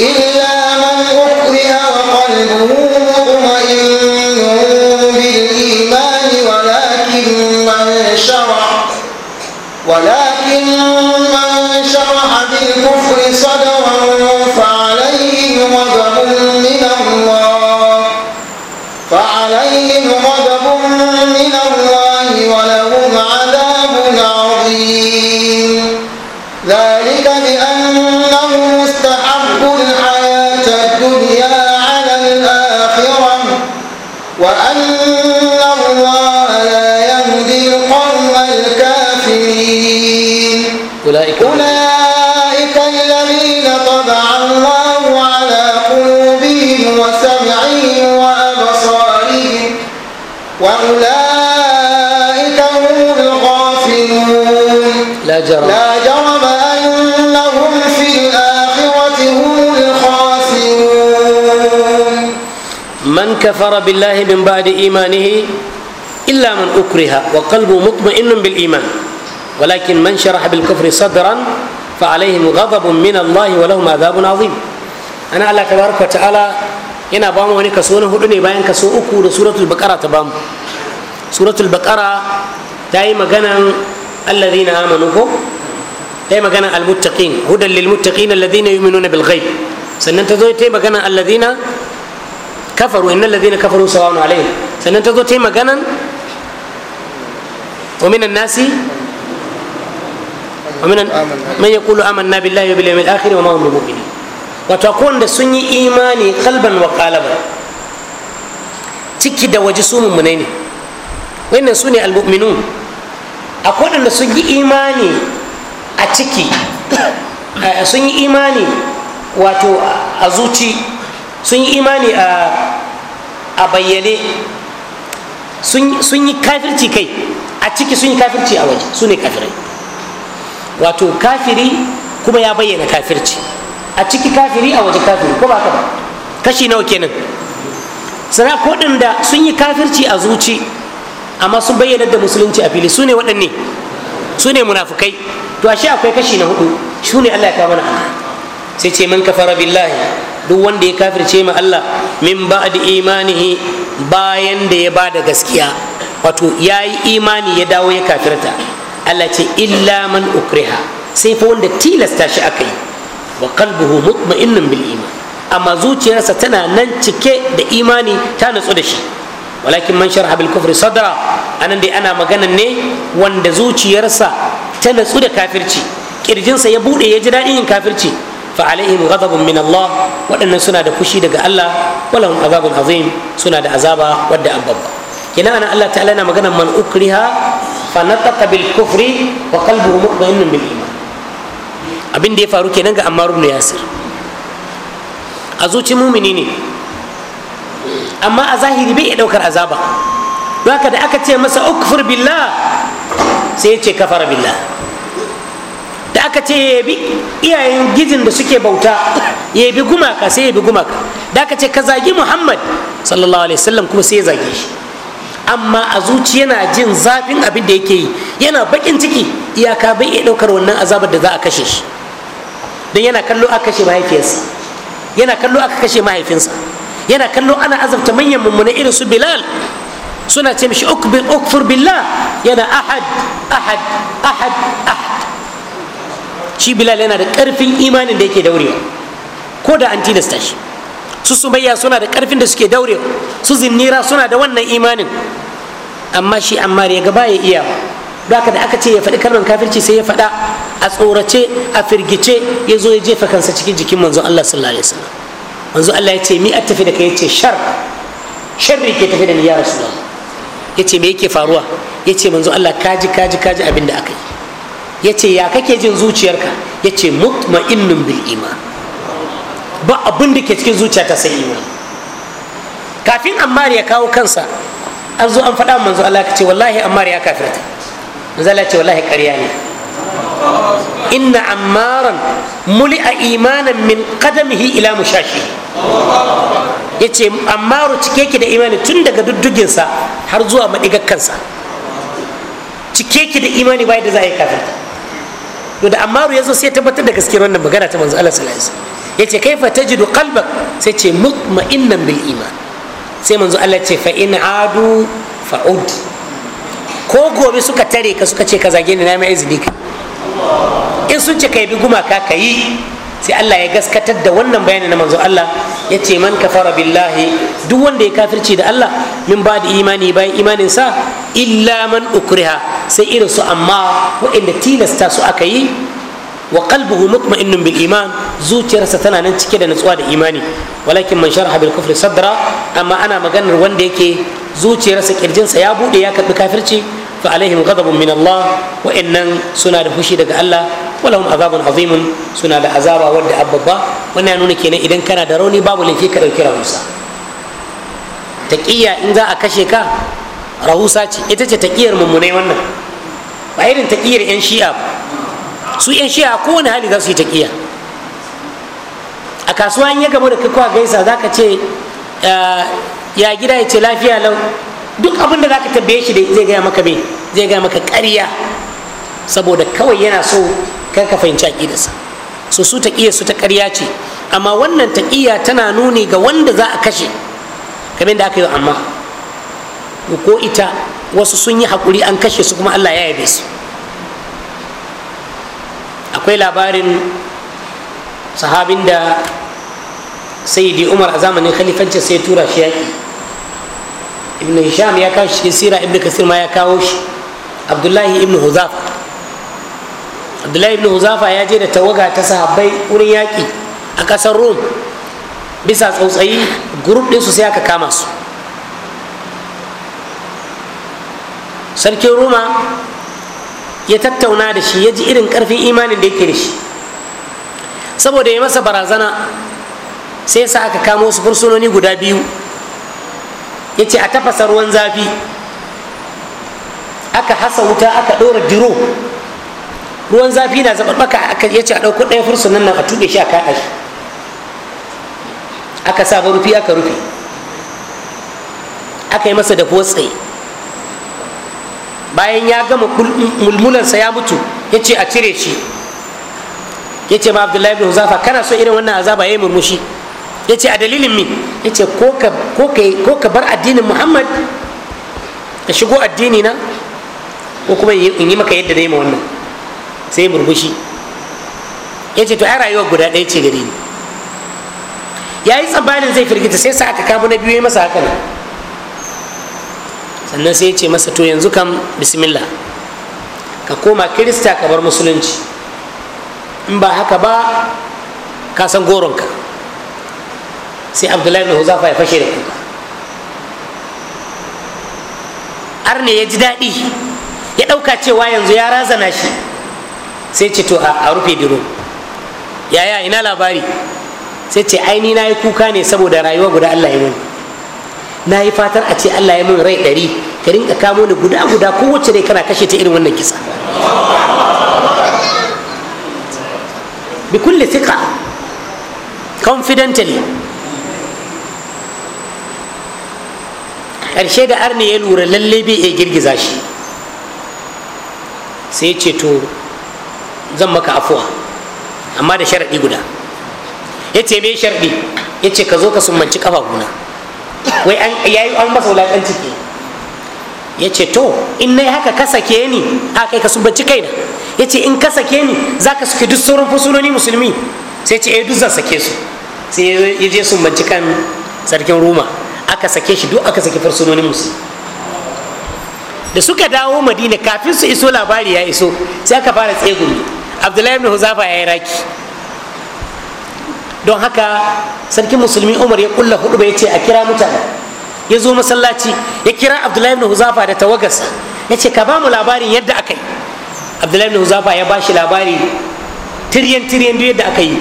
S2: illa man ukriha wa qalbuhu mutma'innun bil iman walakin man shara walakin man shara ذلك بأنه مستحب الحياة الدنيا على الآخرة وأن الله لا يهدي القوم الكافرين أولئك, أولئك الذين طبع الله على قلوبهم وسمعهم وأبصارهم وأولئك هم الغافلون
S1: لا جرم كفر بالله من بعد إيمانه إلا من أكره وقلبه مطمئن بالإيمان ولكن من شرح بالكفر صدرا فعليهم غضب من الله ولهم عذاب عظيم أنا على تبارك وتعالى إن أبام وني كسونا هدوني باين كسو سورة البقرة تبام سورة البقرة دائما قنا الذين آمنوا هم دائما قنا المتقين هدى للمتقين الذين يؤمنون بالغيب سننتظر تيما قنا الذين kafaru innal ladhina kafaru sawa'un alaihim sannan ta zo ta yi wa minan nasi wa minan man yaqulu amanna billahi wa bil yawmil akhir wa ma hum bimu'minin wato akwai wanda sun yi imani kalban wa qalaban ciki da waje su mummunai ne wannan su ne almu'minun akwai wanda sun yi imani a ciki *coughs* eh, sun yi imani wato a zuci sun yi imani a a bayyane sun yi kafirci kai a ciki sun yi kafirci a waje su ne kafirai wato kafiri kuma ya bayyana kafirci a ciki kafiri a waje kafiri ko ba ka ba kashi nawa kenan sana ko da sun yi kafirci a zuci amma sun bayyana da musulunci a fili su ne waɗanne su ne munafukai to ashe akwai kashi na hudu su ne allah ya kawo mana sai ce man kafara billahi duk wanda ya kafirce ma Allah min ba'd imanihi bayan da ya bada gaskiya wato yayi imani ya dawo ya kafirta Allah ce illa man ukriha sai fa wanda tilasta shi aka yi wa qalbuhu mutma'innun bil iman amma zuciyarsa tana nan cike da imani ta natsu da shi walakin man sharha bil kufri sadra anan dai ana magana ne wanda zuciyarsa ta natsu da kafirci kirjinsa ya bude ya ji daɗin yin kafirci fa alaihim ghadabun min Allah waɗannan suna da fushi daga Allah walahum azabun azim suna da azaba wadda ababba kina ana Allah ta'ala yana magana man ukriha fa nataqa bil kufri wa qalbuhu mutma'innun bil iman abin da ya faru kenan ga Ammar ibn Yasir a zuci mumini ne amma a zahiri bai iya daukar azaba don haka da aka ce masa ukfur billah sai ya ce kafara billah da aka ce ya bi iyayen gijin da suke bauta ya bi gumaka sai ya bi gumaka da aka ce ka zagi muhammad sallallahu alaihi wasallam kuma sai ya zage shi amma a zuci yana jin zafin abin da yake yi yana bakin ciki iyaka bai iya daukar wannan azabar da za a kashe shi don yana kallo aka kashe mahaifiyarsa yana kallo aka kashe mahaifinsa yana kallo ana azabta manyan mummuna irin su bilal suna ce mishi ukfur billah yana ahad ahad ahad ahad shi bilal yana da karfin imanin da yake daurewa ko da an tilasta shi su sumayya suna da karfin da suke daurewa su zinnira suna da wannan imanin amma shi ammar ya gaba ya iya da aka ce ya faɗi kafin kafirci sai ya faɗa a tsorace a firgice ya zo ya jefa kansa cikin jikin manzon Allah sallallahu alaihi wasallam manzon Allah ya ce mi a tafi da kai ya ce shar sharri ke tafi da ni ya rasulullah ya ce me yake faruwa ya ce Allah kaji kaji kaji abin da aka yi ya ce ya kake jin zuciyarka ya ce mutmainnin bil iman ba abin da ke cikin zuciya ta sai iman kafin ammar ya kawo kansa an zo an faɗa manzo Allah ka ce wallahi ammar ya kafirta manzo Allah ce wallahi ƙarya ne inna ammaran muli'a imanan min qadamihi ila mushashi yace ammaru cike ki da imani tun daga sa har zuwa madigar kansa cike ki da imani bai da za a yi kafirta to da ammaru ya zo sai tabbatar da gaskiyar wannan magana ta manzo Allah sallallahu alaihi wasallam yace kaifa tajidu qalbak sai ce mutma'innan bil iman sai manzo Allah ce fa in adu fa'ud ko gobe suka tare ka suka ce ka zage ni na mai izini ka in sun ce ka yi gumaka ka yi sai Allah ya gaskatar da wannan bayani na manzo Allah ya ce man kafara billahi duk wanda ya kafirci da Allah min ba da imani bayan imanin sa illa man ukriha sai irin su amma waɗanda tilasta su aka yi wa qalbuhu mutma'innun bil iman zuciyarsa tana nan cike da nutsuwa da imani walakin man sharaha bil kufri sadra amma ana maganar wanda yake zuciyarsa kirjinsa ya bude ya karbi kafirci fa alaihim ghadabun min Allah wa innan suna da fushi daga Allah walahum azabun azimun suna da azaba wanda abbabba wannan ya nuna kenan idan kana da rauni babu laifi ka dauki rahusa taqiya in za a kashe ka rahusa ce ita ce taqiyar mummunai wannan ba irin taƙiyar 'yan shi'a ba su 'yan shi'a kowane hali za su yi taƙiya a kasuwa in ya gama da kakwa gaisa za ka ce ya gida ya ce lafiya lau duk abin da za ka tabbaye shi zai gaya maka me zai gaya maka ƙarya saboda kawai yana so kar ka fahimci aƙidarsa so su taƙiyar su ta ƙarya ce amma wannan taƙiya tana nuni ga wanda za a kashe kamar da aka yi amma ko ita wasu sun yi haƙuri an kashe su kuma allah ya yabe su akwai labarin sahabin da sayyidi umar a zamanin khalifancin sai tura shi yaƙi ibn hisham ya kawo shi sira ibn kasir ma ya kawo shi abdullahi ibn huzafa abdullahi ibn huzafa ya je da tawaga ta sahabbai wurin yaƙi a ƙasar Rome bisa tsautsayi gurup ɗinsu sai aka kama su sarkin roma ya tattauna da shi ya ji irin karfin imanin da yake da shi saboda ya masa barazana sai sa aka kamo wasu fursunoni guda biyu ya ce a tafasa ruwan zafi aka hasa wuta aka ɗora diro ruwan zafi na zaɓaɓɓaka aka ya ce a ɗauko ɗaya fursunan nan a tuɓe shi a kaɗa shi aka sa rufi aka rufe aka yi masa da tsaye bayan ya gama mulmulansa ya mutu ya ce a cire shi ya ce ma abdullahi bin huzafa kana so irin wannan azaba ya yi murmushi ya ce a dalilin min ya ce ko ka bar addinin muhammad ka shigo addini na ko kuma in yi maka yadda na yi ma wannan sai murmushi ya ce to ai rayuwar guda ɗaya ce gare ni ya yi tsabanin zai firgita sai sa aka kama na biyu ya masa haka ne sannan sai ya ce masa to yanzu kam bismillah ka koma kirista ka bar musulunci in ba haka ba ka san goronka sai abdullahi bin huzafa ya fashe da kuka arne ya ji daɗi ya ɗauka cewa yanzu ya razana shi sai ce to a rufe diro yaya ina labari sai ce aini na yi kuka ne saboda rayuwa guda allah ya wani na yi fatar a ce allah ya mun rai ɗari ka rinka kamo ni guda guda kowace ne kana kashe ta irin wannan kisa bi kulli thiqa confidently ƙarshe da arni ya lura lalle bai iya girgiza shi sai ce to zan maka afuwa amma da sharaɗi guda ya ce mai sharaɗi ya ce ka zo ka sumanci ƙafa guna wai an yayi an masa wulakanci ke ya ce to in na haka ka sake ni haka kai ka kai kaina ya ce in ka sake ni za ka suke duk sauran fursunoni musulmi sai ce eh duk zan sake su sai ya je sumbaci kan sarkin roma aka sake shi duk aka sake fursunonin musulmi da suka dawo madina kafin su iso labari ya iso sai aka fara tsegumi abdullahi ibn huzafa ya yi raki don haka sarkin musulmi umar ya kulla hudu ya ce a kira mutane ya zo masallaci ya kira abdullahi ibn huzafa da tawagarsa ya ce ka ba mu labarin yadda aka yi abdullahi ibn huzafa ya ba shi labari tiryan tiryan duk yadda aka yi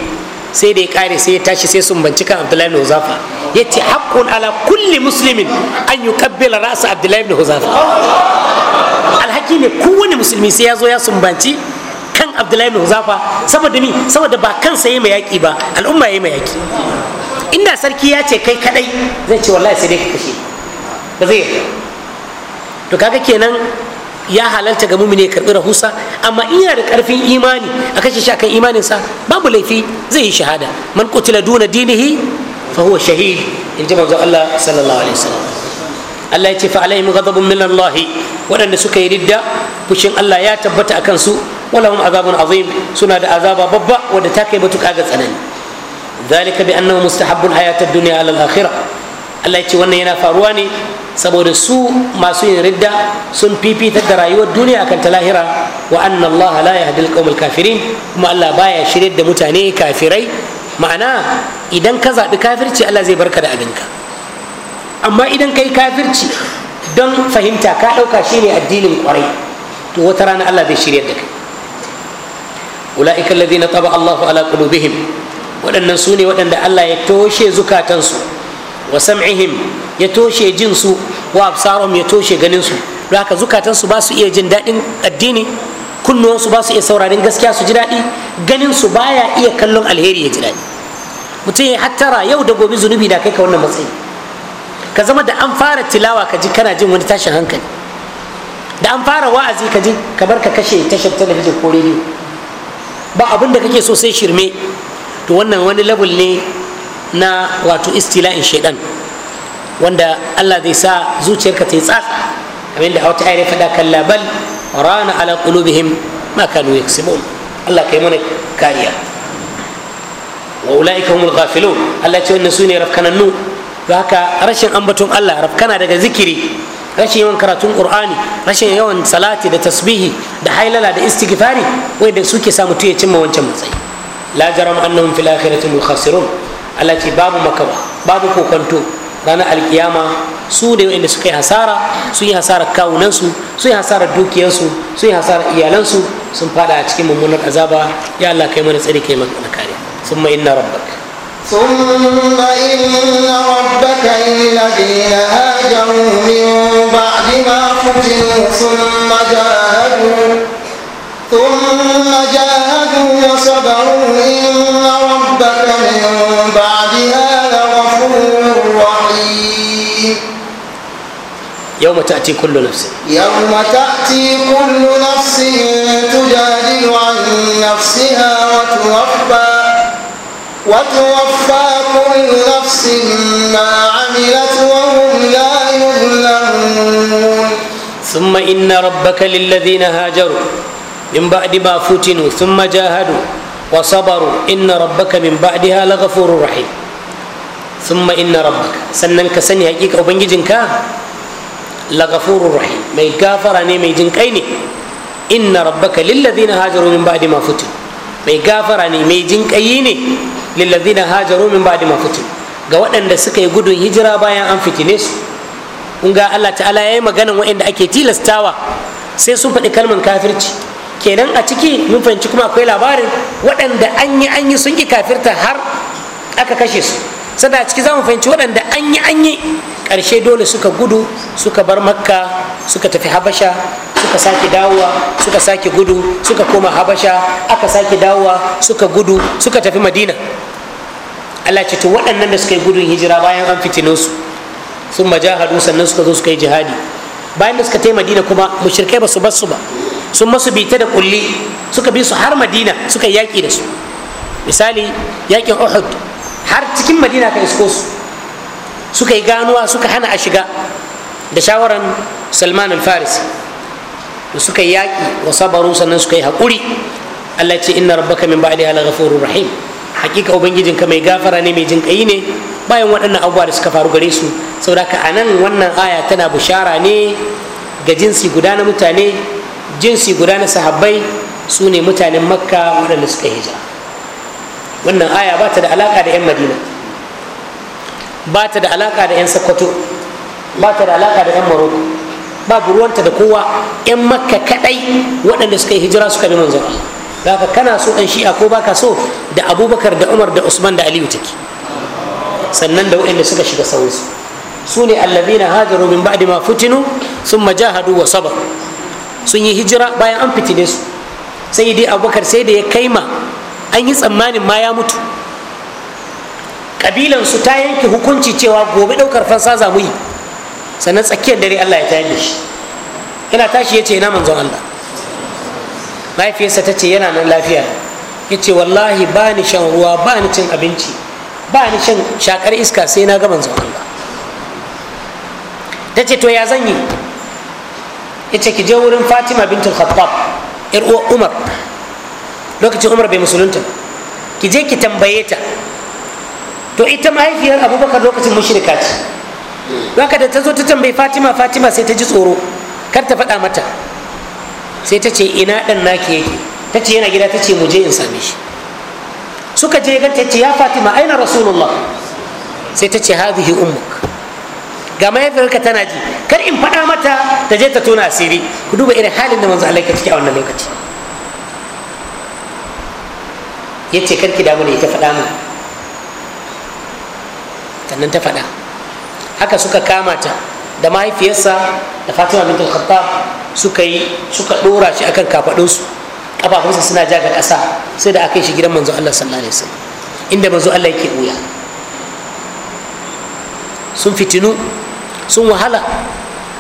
S1: sai da ya kare sai ya tashi sai sun bincika abdullahi ibn huzafa ya ce haƙƙun ala kulli muslimin an yi kabbila rasa abdullahi ibn huzafa alhaki ne kowane musulmi sai ya zo ya sumbanci kan abdullahi ibn huzafa saboda mi saboda ba kansa yayi mai yaki ba al'umma yayi mai yaki inda sarki ya ce kai kadai zai ce wallahi sai dai ka kashe ba zai to kaga kenan ya halalta ga mumine ya karbi rahusa amma in yana da karfin imani a kashe shi akan imaninsa babu laifi zai yi shahada man qutila duna dinihi fa huwa shahid in ji manzo Allah sallallahu alaihi wasallam Allah ya ce fa alaihim ghadabun min Allah waɗanda suka yi ridda fushin Allah ya tabbata akan su walahum azabun azim suna da azaba babba wadda ta kai matuƙa ga tsanani zalika bi annahu mustahabbul hayatad dunya ala al-akhirah Allah ya ce wannan yana faruwa ne saboda su masu yin ridda sun fifitar da rayuwar duniya akan ta lahira wa anna Allah la yahdi al kafirin kuma Allah baya shirye da mutane kafirai ma'ana idan ka zaɓi kafirci Allah zai barka da abinka amma idan ka yi kafirci don fahimta ka ɗauka ne addinin kwarai to wata rana Allah zai shirya da kai ula'ika alladhina taba Allahu ala qulubihim waɗannan sune waɗanda Allah ya toshe zukatansu wa sam'ihim ya toshe jinsu wa absarhum ya toshe ganinsu don haka zukatansu ba su iya jin daɗin addini kunnuwansu ba su iya saurarin gaskiya su ji daɗi ganinsu baya iya kallon alheri ya ji daɗi mutum ya hattara yau da gobe zunubi da kai ka wannan matsayi ka zama da an fara tilawa ka ji kana jin wani tashin hankali da an fara wa'azi ka ji kamar ka kashe tashar talabijin ko rediyo ba abin da kake so sai shirme to wannan wani labul ne na wato istila'in shaidan wanda Allah zai sa zuciyarka ta yi tsaf kamar da wata ayar faɗa kan labal rana ala qulubihim ma kanu yaksibun Allah kai mana kariya wa ulaika humul ghafilun Allah ce wannan sune rafkanannu don haka rashin ambaton Allah rafkana daga zikiri rashin yawan karatun qur'ani rashin yawan salati da tasbihi da hailala da istighfari wai da suke sa mutum ya cimma wancan matsayi la jaram annahum fil akhirati hum Allah ce babu makawa babu kokonto ranar alkiyama su da wanda suka yi hasara su yi hasarar kawunansu su yi hasarar dukiyarsu su yi hasarar iyalansu sun fada a cikin mummunar azaba ya Allah kai mana tsari kai mana kare summa inna rabbaka
S2: ثم إن ربك للذين هاجروا من بعد ما فتنوا ثم جاهدوا ثم جاهدوا وصبروا إن ربك من بعدها لغفور رحيم
S1: يوم تأتي كل نفس
S2: يوم تأتي كل نفس تجادل عن نفسها وتوفى وتوفى كل نفس ما عملت وهم لا يظلمون
S1: ثم إن ربك للذين هاجروا من بعد ما فتنوا ثم جاهدوا وصبروا إن ربك من بعدها لغفور رحيم ثم إن ربك سننك سني هيك وبنجنك لغفور رحيم ما يكافر أني ما يجنكيني إن ربك للذين هاجروا من بعد ما فتنوا ما يكافر أني ما يجنكيني lillazina hajaru min ba'di ma fitin ga waɗanda suka yi gudun hijira bayan an fitine su kun ga Allah ta'ala yayi maganan waɗanda ake tilastawa sai sun faɗi kalmar kafirci kenan a ciki mun fahimci kuma akwai labarin waɗanda an yi an yi sun ki kafirta har aka kashe su sada a ciki zamu fahimci waɗanda an yi an yi ƙarshe dole suka gudu suka bar makka suka tafi habasha suka sake dawowa suka sake gudu suka koma habasha aka sake dawowa suka gudu suka tafi madina allah ce to waɗannan da suka yi gudun hijira bayan an fitino su sun majahadu sannan suka zo suka yi jihadi bayan da suka tai madina kuma mushrikai ba su bar su ba sun masu bita da kulli suka bi su har madina suka yaƙi da su misali yaƙin uhud har cikin madina ka isko su suka yi ganuwa suka hana a shiga da shawaran salman al-faris da suka yi yaƙi wa sabaru sannan suka yi haƙuri allah ce inna rabbaka min ba'di ala ghafurur rahim hakika ka mai gafara ne mai jinƙayi ne bayan waɗannan abubuwa da suka faru gare su saboda haka a nan wannan aya tana bushara ne ga jinsi guda na mutane jinsi guda na sahabbai su ne mutanen makka waɗanda suka hijira wannan aya ba ta da alaka da 'yan madina ba ta da alaka da 'yan sokoto ba ta da alaka da 'yan maroko babu ruwanta da kowa 'yan makka kadai waɗanda suka yi hijira suka bi manzon da haka kana so ɗan shi'a ko baka so da abubakar da umar da usman da aliyu take sannan da waɗanda suka shiga sauransu su ne allabina hajaru min ba'di ma futinu sun majahadu wa sabar sun yi hijira bayan an fitine su sai dai abubakar sai da ya kaima an yi tsammanin ma ya mutu ƙabilansu ta yanke hukunci cewa gobe ɗaukar fansa za mu yi sannan tsakiyar dare allah ya tayar shi yana tashi ya ce ina manzon allah mahaifiyarsa ta ce yana nan lafiya ya ce wallahi ba ni shan ruwa ba ni cin abinci ba ni shan shakar iska sai na ga manzon allah ta ce to ya zan yi ya ce ki je wurin fatima bintul khattab yar uwar umar lokacin umar bai musulunta ki je ki tambaye ta to ita mahaifiyar abubakar lokacin mushrika ce haka da ta zo ta tambayi fatima fatima sai ta ji tsoro kar ta faɗa mata sai ta ce ina ɗan naki yake ta ce yana gida ta ce mu je in same shi suka je ganta ce ya fatima aina rasulullah sai ta ce hadhihi ummuk ga mahaifiyarka tana ji kar in faɗa mata ta je ta tona asiri ku duba irin halin da manzo Allah ke ciki a wannan lokaci ya ce karki damu da ita faɗa mu sannan ta faɗa haka suka kama ta da mahaifiyarsa da fatima bin khattab suka yi suka ɗora shi akan kafaɗinsu ƙafafunsa suna ja ga ƙasa sai da aka yi shi gidan manzo Allah sallallahu alaihi wasallam inda manzo Allah yake ɓuya sun fitinu sun wahala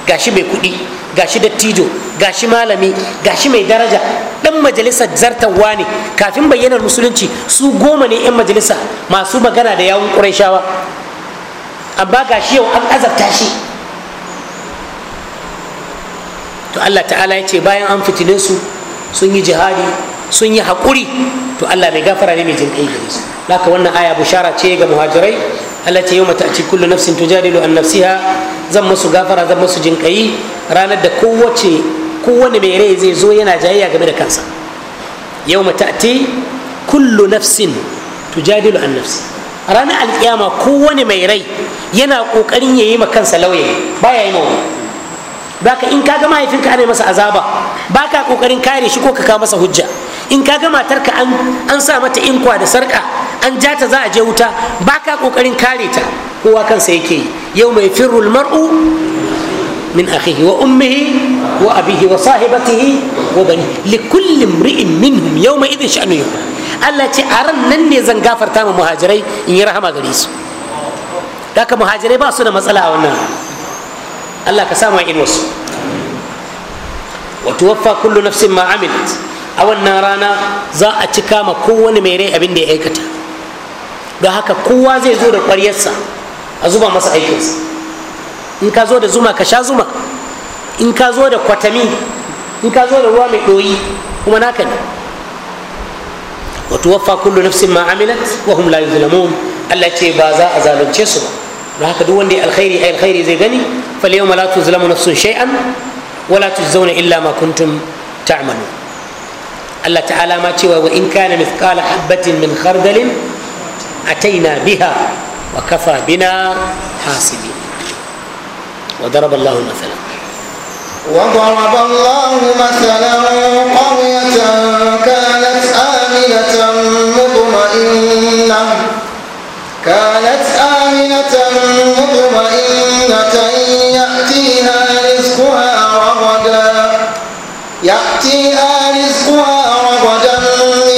S1: gashi mai kuɗi gashi dattijo gashi malami gashi mai daraja dan majalisa zartawa ne kafin bayyanar musulunci su goma ne 'yan majalisa masu magana da yawun ƙurashawa amma ga shi yau an azabta shi to allah ta'ala ya ce bayan an fitilinsu sun yi jihadi sun yi haƙuri to allah mai gafara ne mai jin ƙai gare su laka wannan aya bushara ce ga muhajirai allah ce yau mata a kullu nafsin tujadilu an nafsiha zan musu gafara zan musu jin ƙai ranar da kowace kowane mai rai zai zo yana jayayya game da kansa yau ta'ti kullu nafsin tujadilu an nafsi ranar alkiyama kowane mai rai yana kokarin yayi ma kansa lauyayi baya yi ma wani baka in ka ga mahaifinka ne masa azaba baka kokarin kare shi ko ka ka masa hujja in ka ga matarka an an sa mata inkwa da sarka an ja ta za a je wuta baka kokarin kare ta kowa kansa yake yi yau mai firrul mar'u min akhihi wa ummihi وأبيه وصاحبته وبنيه لكل امرئ منهم يومئذ شأنه يكون الله ce a ran nan ne zan gafarta ma muhajirai in yi rahama garisu. su haka muhajirai ba su da matsala a wannan Allah ka sama in wasu wa tuwaffa kullu nafsin ma amilat a wannan rana za a cika ma kowane mai rai abin da ya aikata don haka kowa zai zo da ƙwaryarsa a zuba masa aikinsa in ka zo da zuma ka sha zuma in ka zo da kwatami in ka zo da ruwa mai ɗoyi kuma naka ne wa tuwaffa kullu nafsin ma amilat wa hum la yuzlamun Allah ce ba za a zalunce su ba don haka duk wanda ya alkhairi ai alkhairi zai gani fal yawma la tuzlamu nafsun shay'an wa la tujzauna illa ma kuntum ta'malu Allah ta'ala ma cewa wa in kana mithqala habatin min khardalin ataina biha wa kafa bina hasibi wa daraba Allahu
S2: وضرب الله مثلا قرية كانت آمنة مطمئنة كانت آمنة مطمئنة يأتيها رزقها رغدا يأتيها رزقها رغدا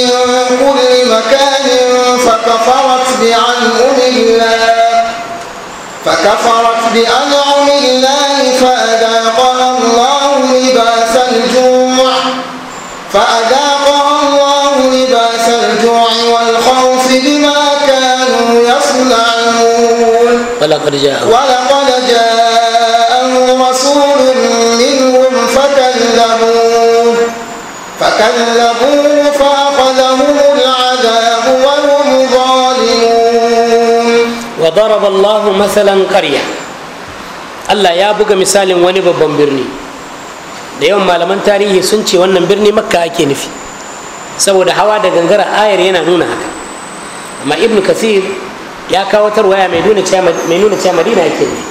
S2: من كل مكان فكفرت بعنهم الله فكفرت بأنعم الله فأذاقها الله لباس الجوع فأذاقها الله لباس الجوع والخوف بما كانوا يصنعون
S1: ولقد جاءهم
S2: ولقد جاءهم رسول منهم فكذبوه فكذبوه فأخذهم
S1: wa daraba Allahu masalan qarya Allah ya buga misalin wani babban birni da yawan malaman tarihi sun ce wannan birni makka ake nufi saboda hawa da gangara ayar yana nuna haka amma ibn kasir ya kawo tarwaya mai nuna cewa madina ake nufi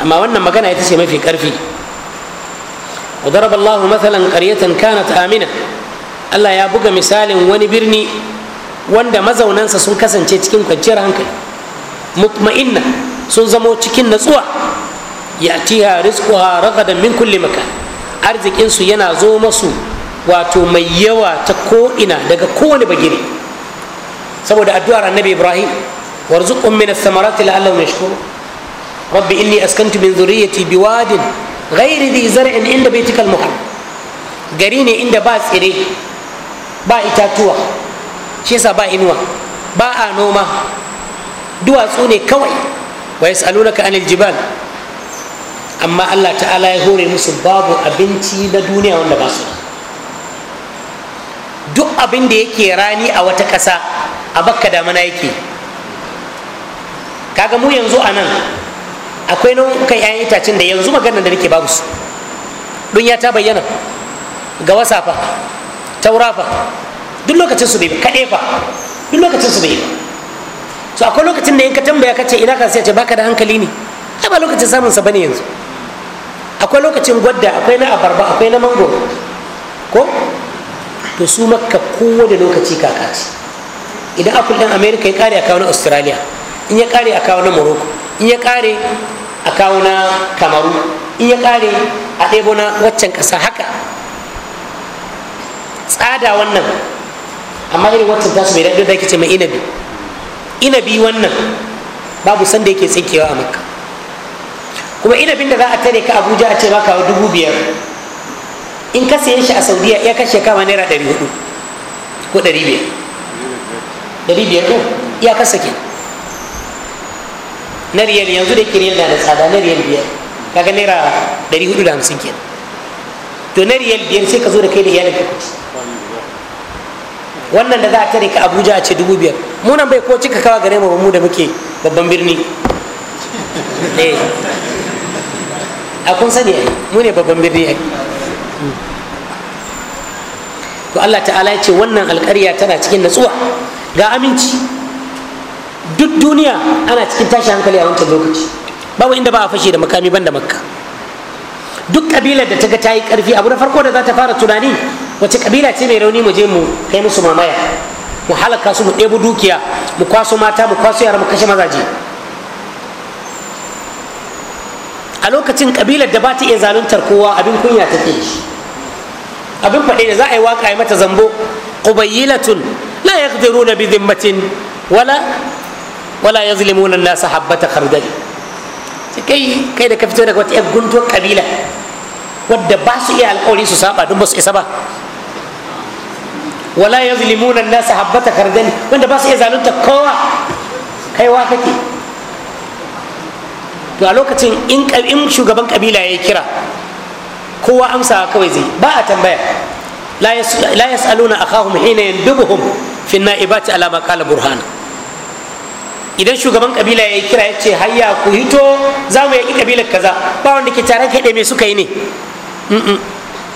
S1: amma wannan magana ita ce mafi karfi وضرب masalan karya قرية كانت آمنة Allah ya buga misalin wani birni wanda mazaunansa sun kasance cikin kwanciyar hankali mutma'inna sun zamo cikin natsuwa ya'tiha rizquha ragadan min kulli makan arzikinsu yana zo masu wato mai yawa ta ko'ina daga kowane bagire saboda addu'ar annabi ibrahim warzuqhum min ath-thamarati la'allahum yashkurun rabbi inni askantu min dhurriyyati biwadin ghairi dhi zar'in inda baytika al-muharram gari ne inda ba tsire ba itatuwa shi yasa ba inuwa ba a noma duwatsu ne kawai wa yas'alunaka anil jibal amma Allah ta'ala ya hore musu babu abinci na duniya wanda ba su duk abin da yake rani a wata ƙasa a bakka damana yake kaga mu yanzu a nan akwai kai 'ya'yan itacen da yanzu maganar da nake babu su dunya ta bayyana ga wasafa taurafa duk lokacin su bai kaɗe fa duk lokacin su bai ba so akwai lokacin da in ka tambaya ka ce ina ka sai ce baka da hankali ne ai ba lokacin samun sa bane yanzu akwai lokacin gwadda akwai na abarba akwai na mango ko to su makka kowane lokaci kaka ce idan apple din america ya kare a kawo na australia in ya kare a kawo na morocco in ya kare a kawo na kamaru in ya kare a ɗebo na waccan ƙasa haka tsada wannan amma irin waccan tasu mai daɗi da ke ce mai inabi inabi wannan babu sanda yake tsinkewa a makka kuma inabin da za a tare ka abuja a ce maka dubu biyar in ka siyan shi a saudiya ya kashe kama naira ɗari hudu ko ɗari biyar ɗari biyar ko ya kasa ke na riyal yanzu da yake riyal da tsada na riyal biyar kaga naira ɗari hudu da hamsin ke to na riyal biyar sai ka zo da kai da iyalin ka wannan da za a tare ka abuja a ce dubu biyar munan bai ko cika kawa gare mu mu da muke babban birni eh. a kun sani ai mu ne babban birni ai to allah ta'ala ya ce wannan alƙarya tana cikin natsuwa ga aminci duk duniya ana cikin tashi hankali a wancan lokaci babu inda ba a fashe da makami ban da makka duk kabilar da ta ga ta yi karfi abu na farko da za ta fara tunani wace kabila ce mai rauni mu je mu kai musu mamaya mu halaka su mu ɗebo dukiya mu kwaso mata mu kwaso yara mu kashe mazaje a lokacin kabilar da ba ta iya zaluntar kowa abin kunya ke abin faɗe da za a yi waka yi mata zambo qubayyilatun la yaqdiruna bi dhimmatin wala wala yazlimuna an-nas habbata khardali kai kai da ka fito daga wata yar guntuwar kabila wadda ba su iya alƙawari su saba don ba su isa ba wala yazlimuna an-nasa habbata kardani wanda ba su iya zalunta kowa kaiwa kake to a lokacin in shugaban kabila ya kira kowa amsa kawai zai ba a tambaya la yas'aluna akhahum hina yandubuhum fi an-na'ibati ala ma qala burhana idan shugaban kabila ya kira ya ce hayya ku hito za mu yaki kabilar kaza ba wanda ke taron kai me suka yi ne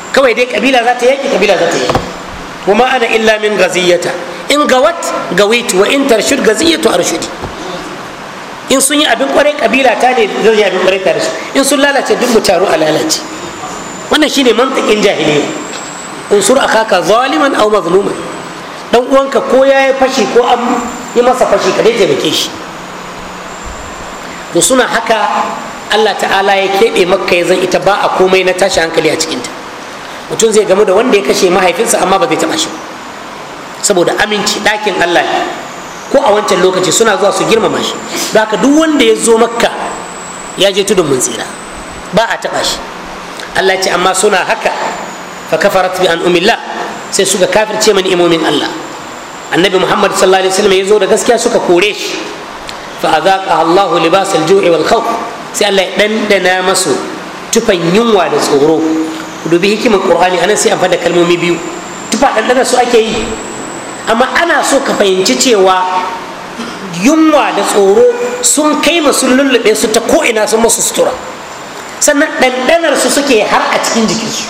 S1: kawai dai kabila za ta yaki kabila za ta yaki wa ma ana illa min gaziyata in gawat gawaitu wa in tarshud gaziyatu arshudi in sun yi abin kwarai kabila ne zai yi abin kwarai tare in sun lalace duk mu taru a lalace wannan shine mantakin jahiliya in sur akaka zaliman aw mazluman dan uwanka ko yayi fashi ko an yi masa fashi ka dai taimake shi to suna haka Allah ta'ala ya keɓe maka ya zan ita ba a komai na tashi hankali a cikinta mutum zai gamu da wanda ya kashe mahaifinsa amma ba zai taɓa shi saboda aminci ɗakin allah ne ko a wancan lokaci suna zuwa su girmama shi da haka duk wanda ya zo makka ya je tudun mun tsira ba a taɓa shi allah ce amma suna haka fa kafarat bi an umillah sai suka kafirce mani imomin allah annabi muhammad sallallahu alaihi wasallam ya zo da gaskiya suka kore shi fa azaqa allahu libas al-ju'i wal khawf sai allah ya dandana masu tufan yunwa da tsoro dubi hikimar qur'ani anan sai amfani da kalmomi biyu tufa ɗanɗanar su ake yi amma ana so ka fahimci cewa yunwa da tsoro sun kai ma sun lullube su ta ko'ina sun masu sutura sannan ɗanɗanar su suke har a cikin jikinsu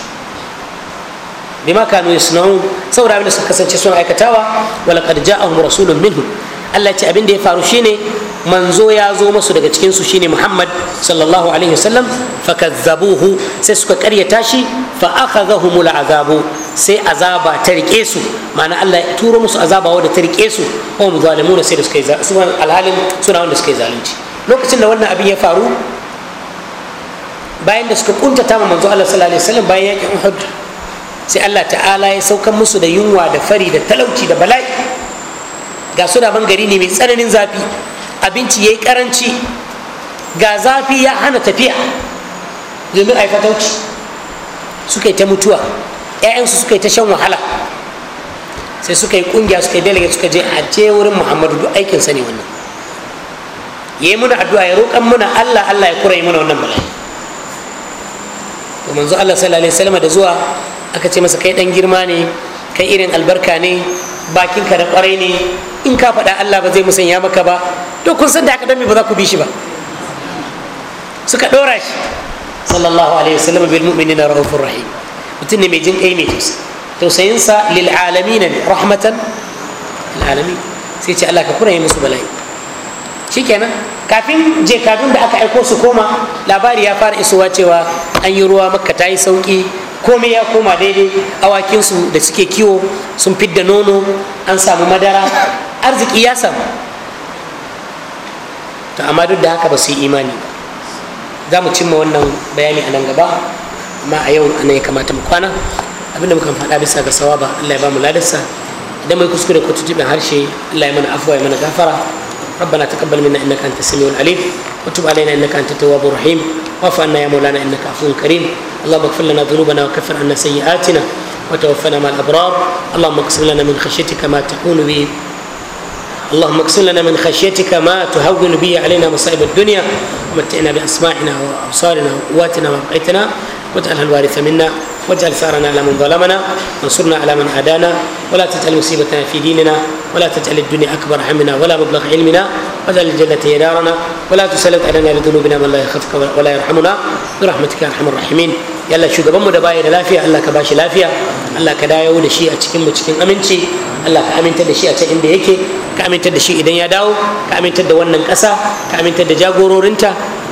S1: bi ma kanu yasna'un saboda abinda suka kasance suna aikatawa wala ja'ahum rasulun minhu Allah ce abin da ya faru shine manzo ya zo masu daga cikinsu su shine Muhammad sallallahu alaihi wasallam fakazzabuhu sai suka karya tashi fa akhadhahumul azabu sai azaba ta rike su ma'ana Allah ya turo musu azaba wanda ta rike su ko muzalimuna sai da suka yi alhalin suna wanda suka yi zalunci lokacin da wannan abin ya faru bayan da suka kuntata ma manzo Allah sallallahu alaihi wasallam bayan yakin Uhud sai Allah ta'ala ya saukar musu da yunwa da fari da talauci da bala'i ga su da gari ne mai tsananin zafi abinci ya yi karanci ga zafi ya hana tafiya domin a yi fatauci suka yi ta mutuwa 'ya'yansu suka yi ta shan wahala sai suka yi kungiya suka yi suka je a je wurin muhammadu duk aikin ne wannan yi muna addu'a ya roƙan muna Allah Allah ya kura yi muna wannan bala'i to manzo Allah sallallahu alaihi wasallam da zuwa aka ce masa kai ɗan girma ne kai irin albarka ne Bakin ka da kwarai ne in ka faɗa allah ba zai musanya maka ba to kun san da aka dami ba za ku bi shi ba suka ɗora shi sallallahu alaihi wasallam bil mu'minina rahufur rahim mutum ne mai jin kai mai tausayinsa lil alamin ne rahmatan lil alamin sai ce allah ka kura yi musu bala'i shikenan kafin je kafin da aka aiko su koma labari ya fara isowa cewa an yi ruwa makka ta yi sauki komai ya koma daidai awakinsu da suke kiwo sun fidda nono an samu madara arziki ya samu to amma duk da haka ba su yi imani ba za mu cimma wannan bayani a nan gaba amma a yau a nan ya kamata mu kwana abinda muka faɗa bisa ga sawa ba Allah ya ba mu ladarsa idan mai kuskure ko ɗin harshe Allah ya mana afuwa ya mana gafara ربنا تقبل منا انك انت السميع العليم وتب علينا انك انت التواب الرحيم واعف عنا يا مولانا انك عفو كريم اللهم اغفر لنا ذنوبنا وكفر عنا سيئاتنا وتوفنا مع الابرار اللهم اقسم لنا من خشيتك ما تكون به اللهم اقسم لنا من خشيتك ما تهون به علينا مصائب الدنيا ومتعنا باسماعنا وابصارنا وقواتنا وابقيتنا واجعلها الوارث منا واجعل ثارنا على من ظلمنا وانصرنا على من عادانا ولا تجعل مصيبتنا في ديننا ولا تجعل الدنيا اكبر همنا ولا مبلغ علمنا واجعل الجنه هي دارنا ولا تسلط علينا لذنوبنا من لا يخافك ولا يرحمنا برحمتك يا ارحم الراحمين ya Allah shugabanmu da baya da lafiya Allah ka bashi lafiya Allah ka dawo da shi a cikin mu cikin aminci Allah ka aminta da shi a can inda yake ka amintar da shi idan ya dawo ka amintar da wannan ƙasa ka amintar da jagororinta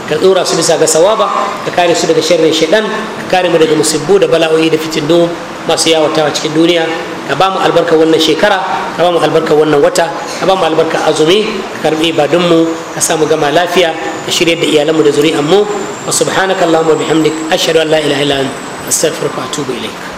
S1: ka tsura su bisa ga sawaba ka kare su daga sharrin shaidan ka kare mu daga musibbu da bala'o'i da fitinu masu yawatawa cikin duniya ka ba mu albarka wannan shekara ka ba mu albarka wannan wata ka ba mu albarka azumi ka karbi ibadunmu ka samu gama lafiya ka shirya da mu da zuri'anmu wa subhanaka allahumma bihamdik ashhadu an la ilaha illa anta astaghfiruka wa atubu ilaik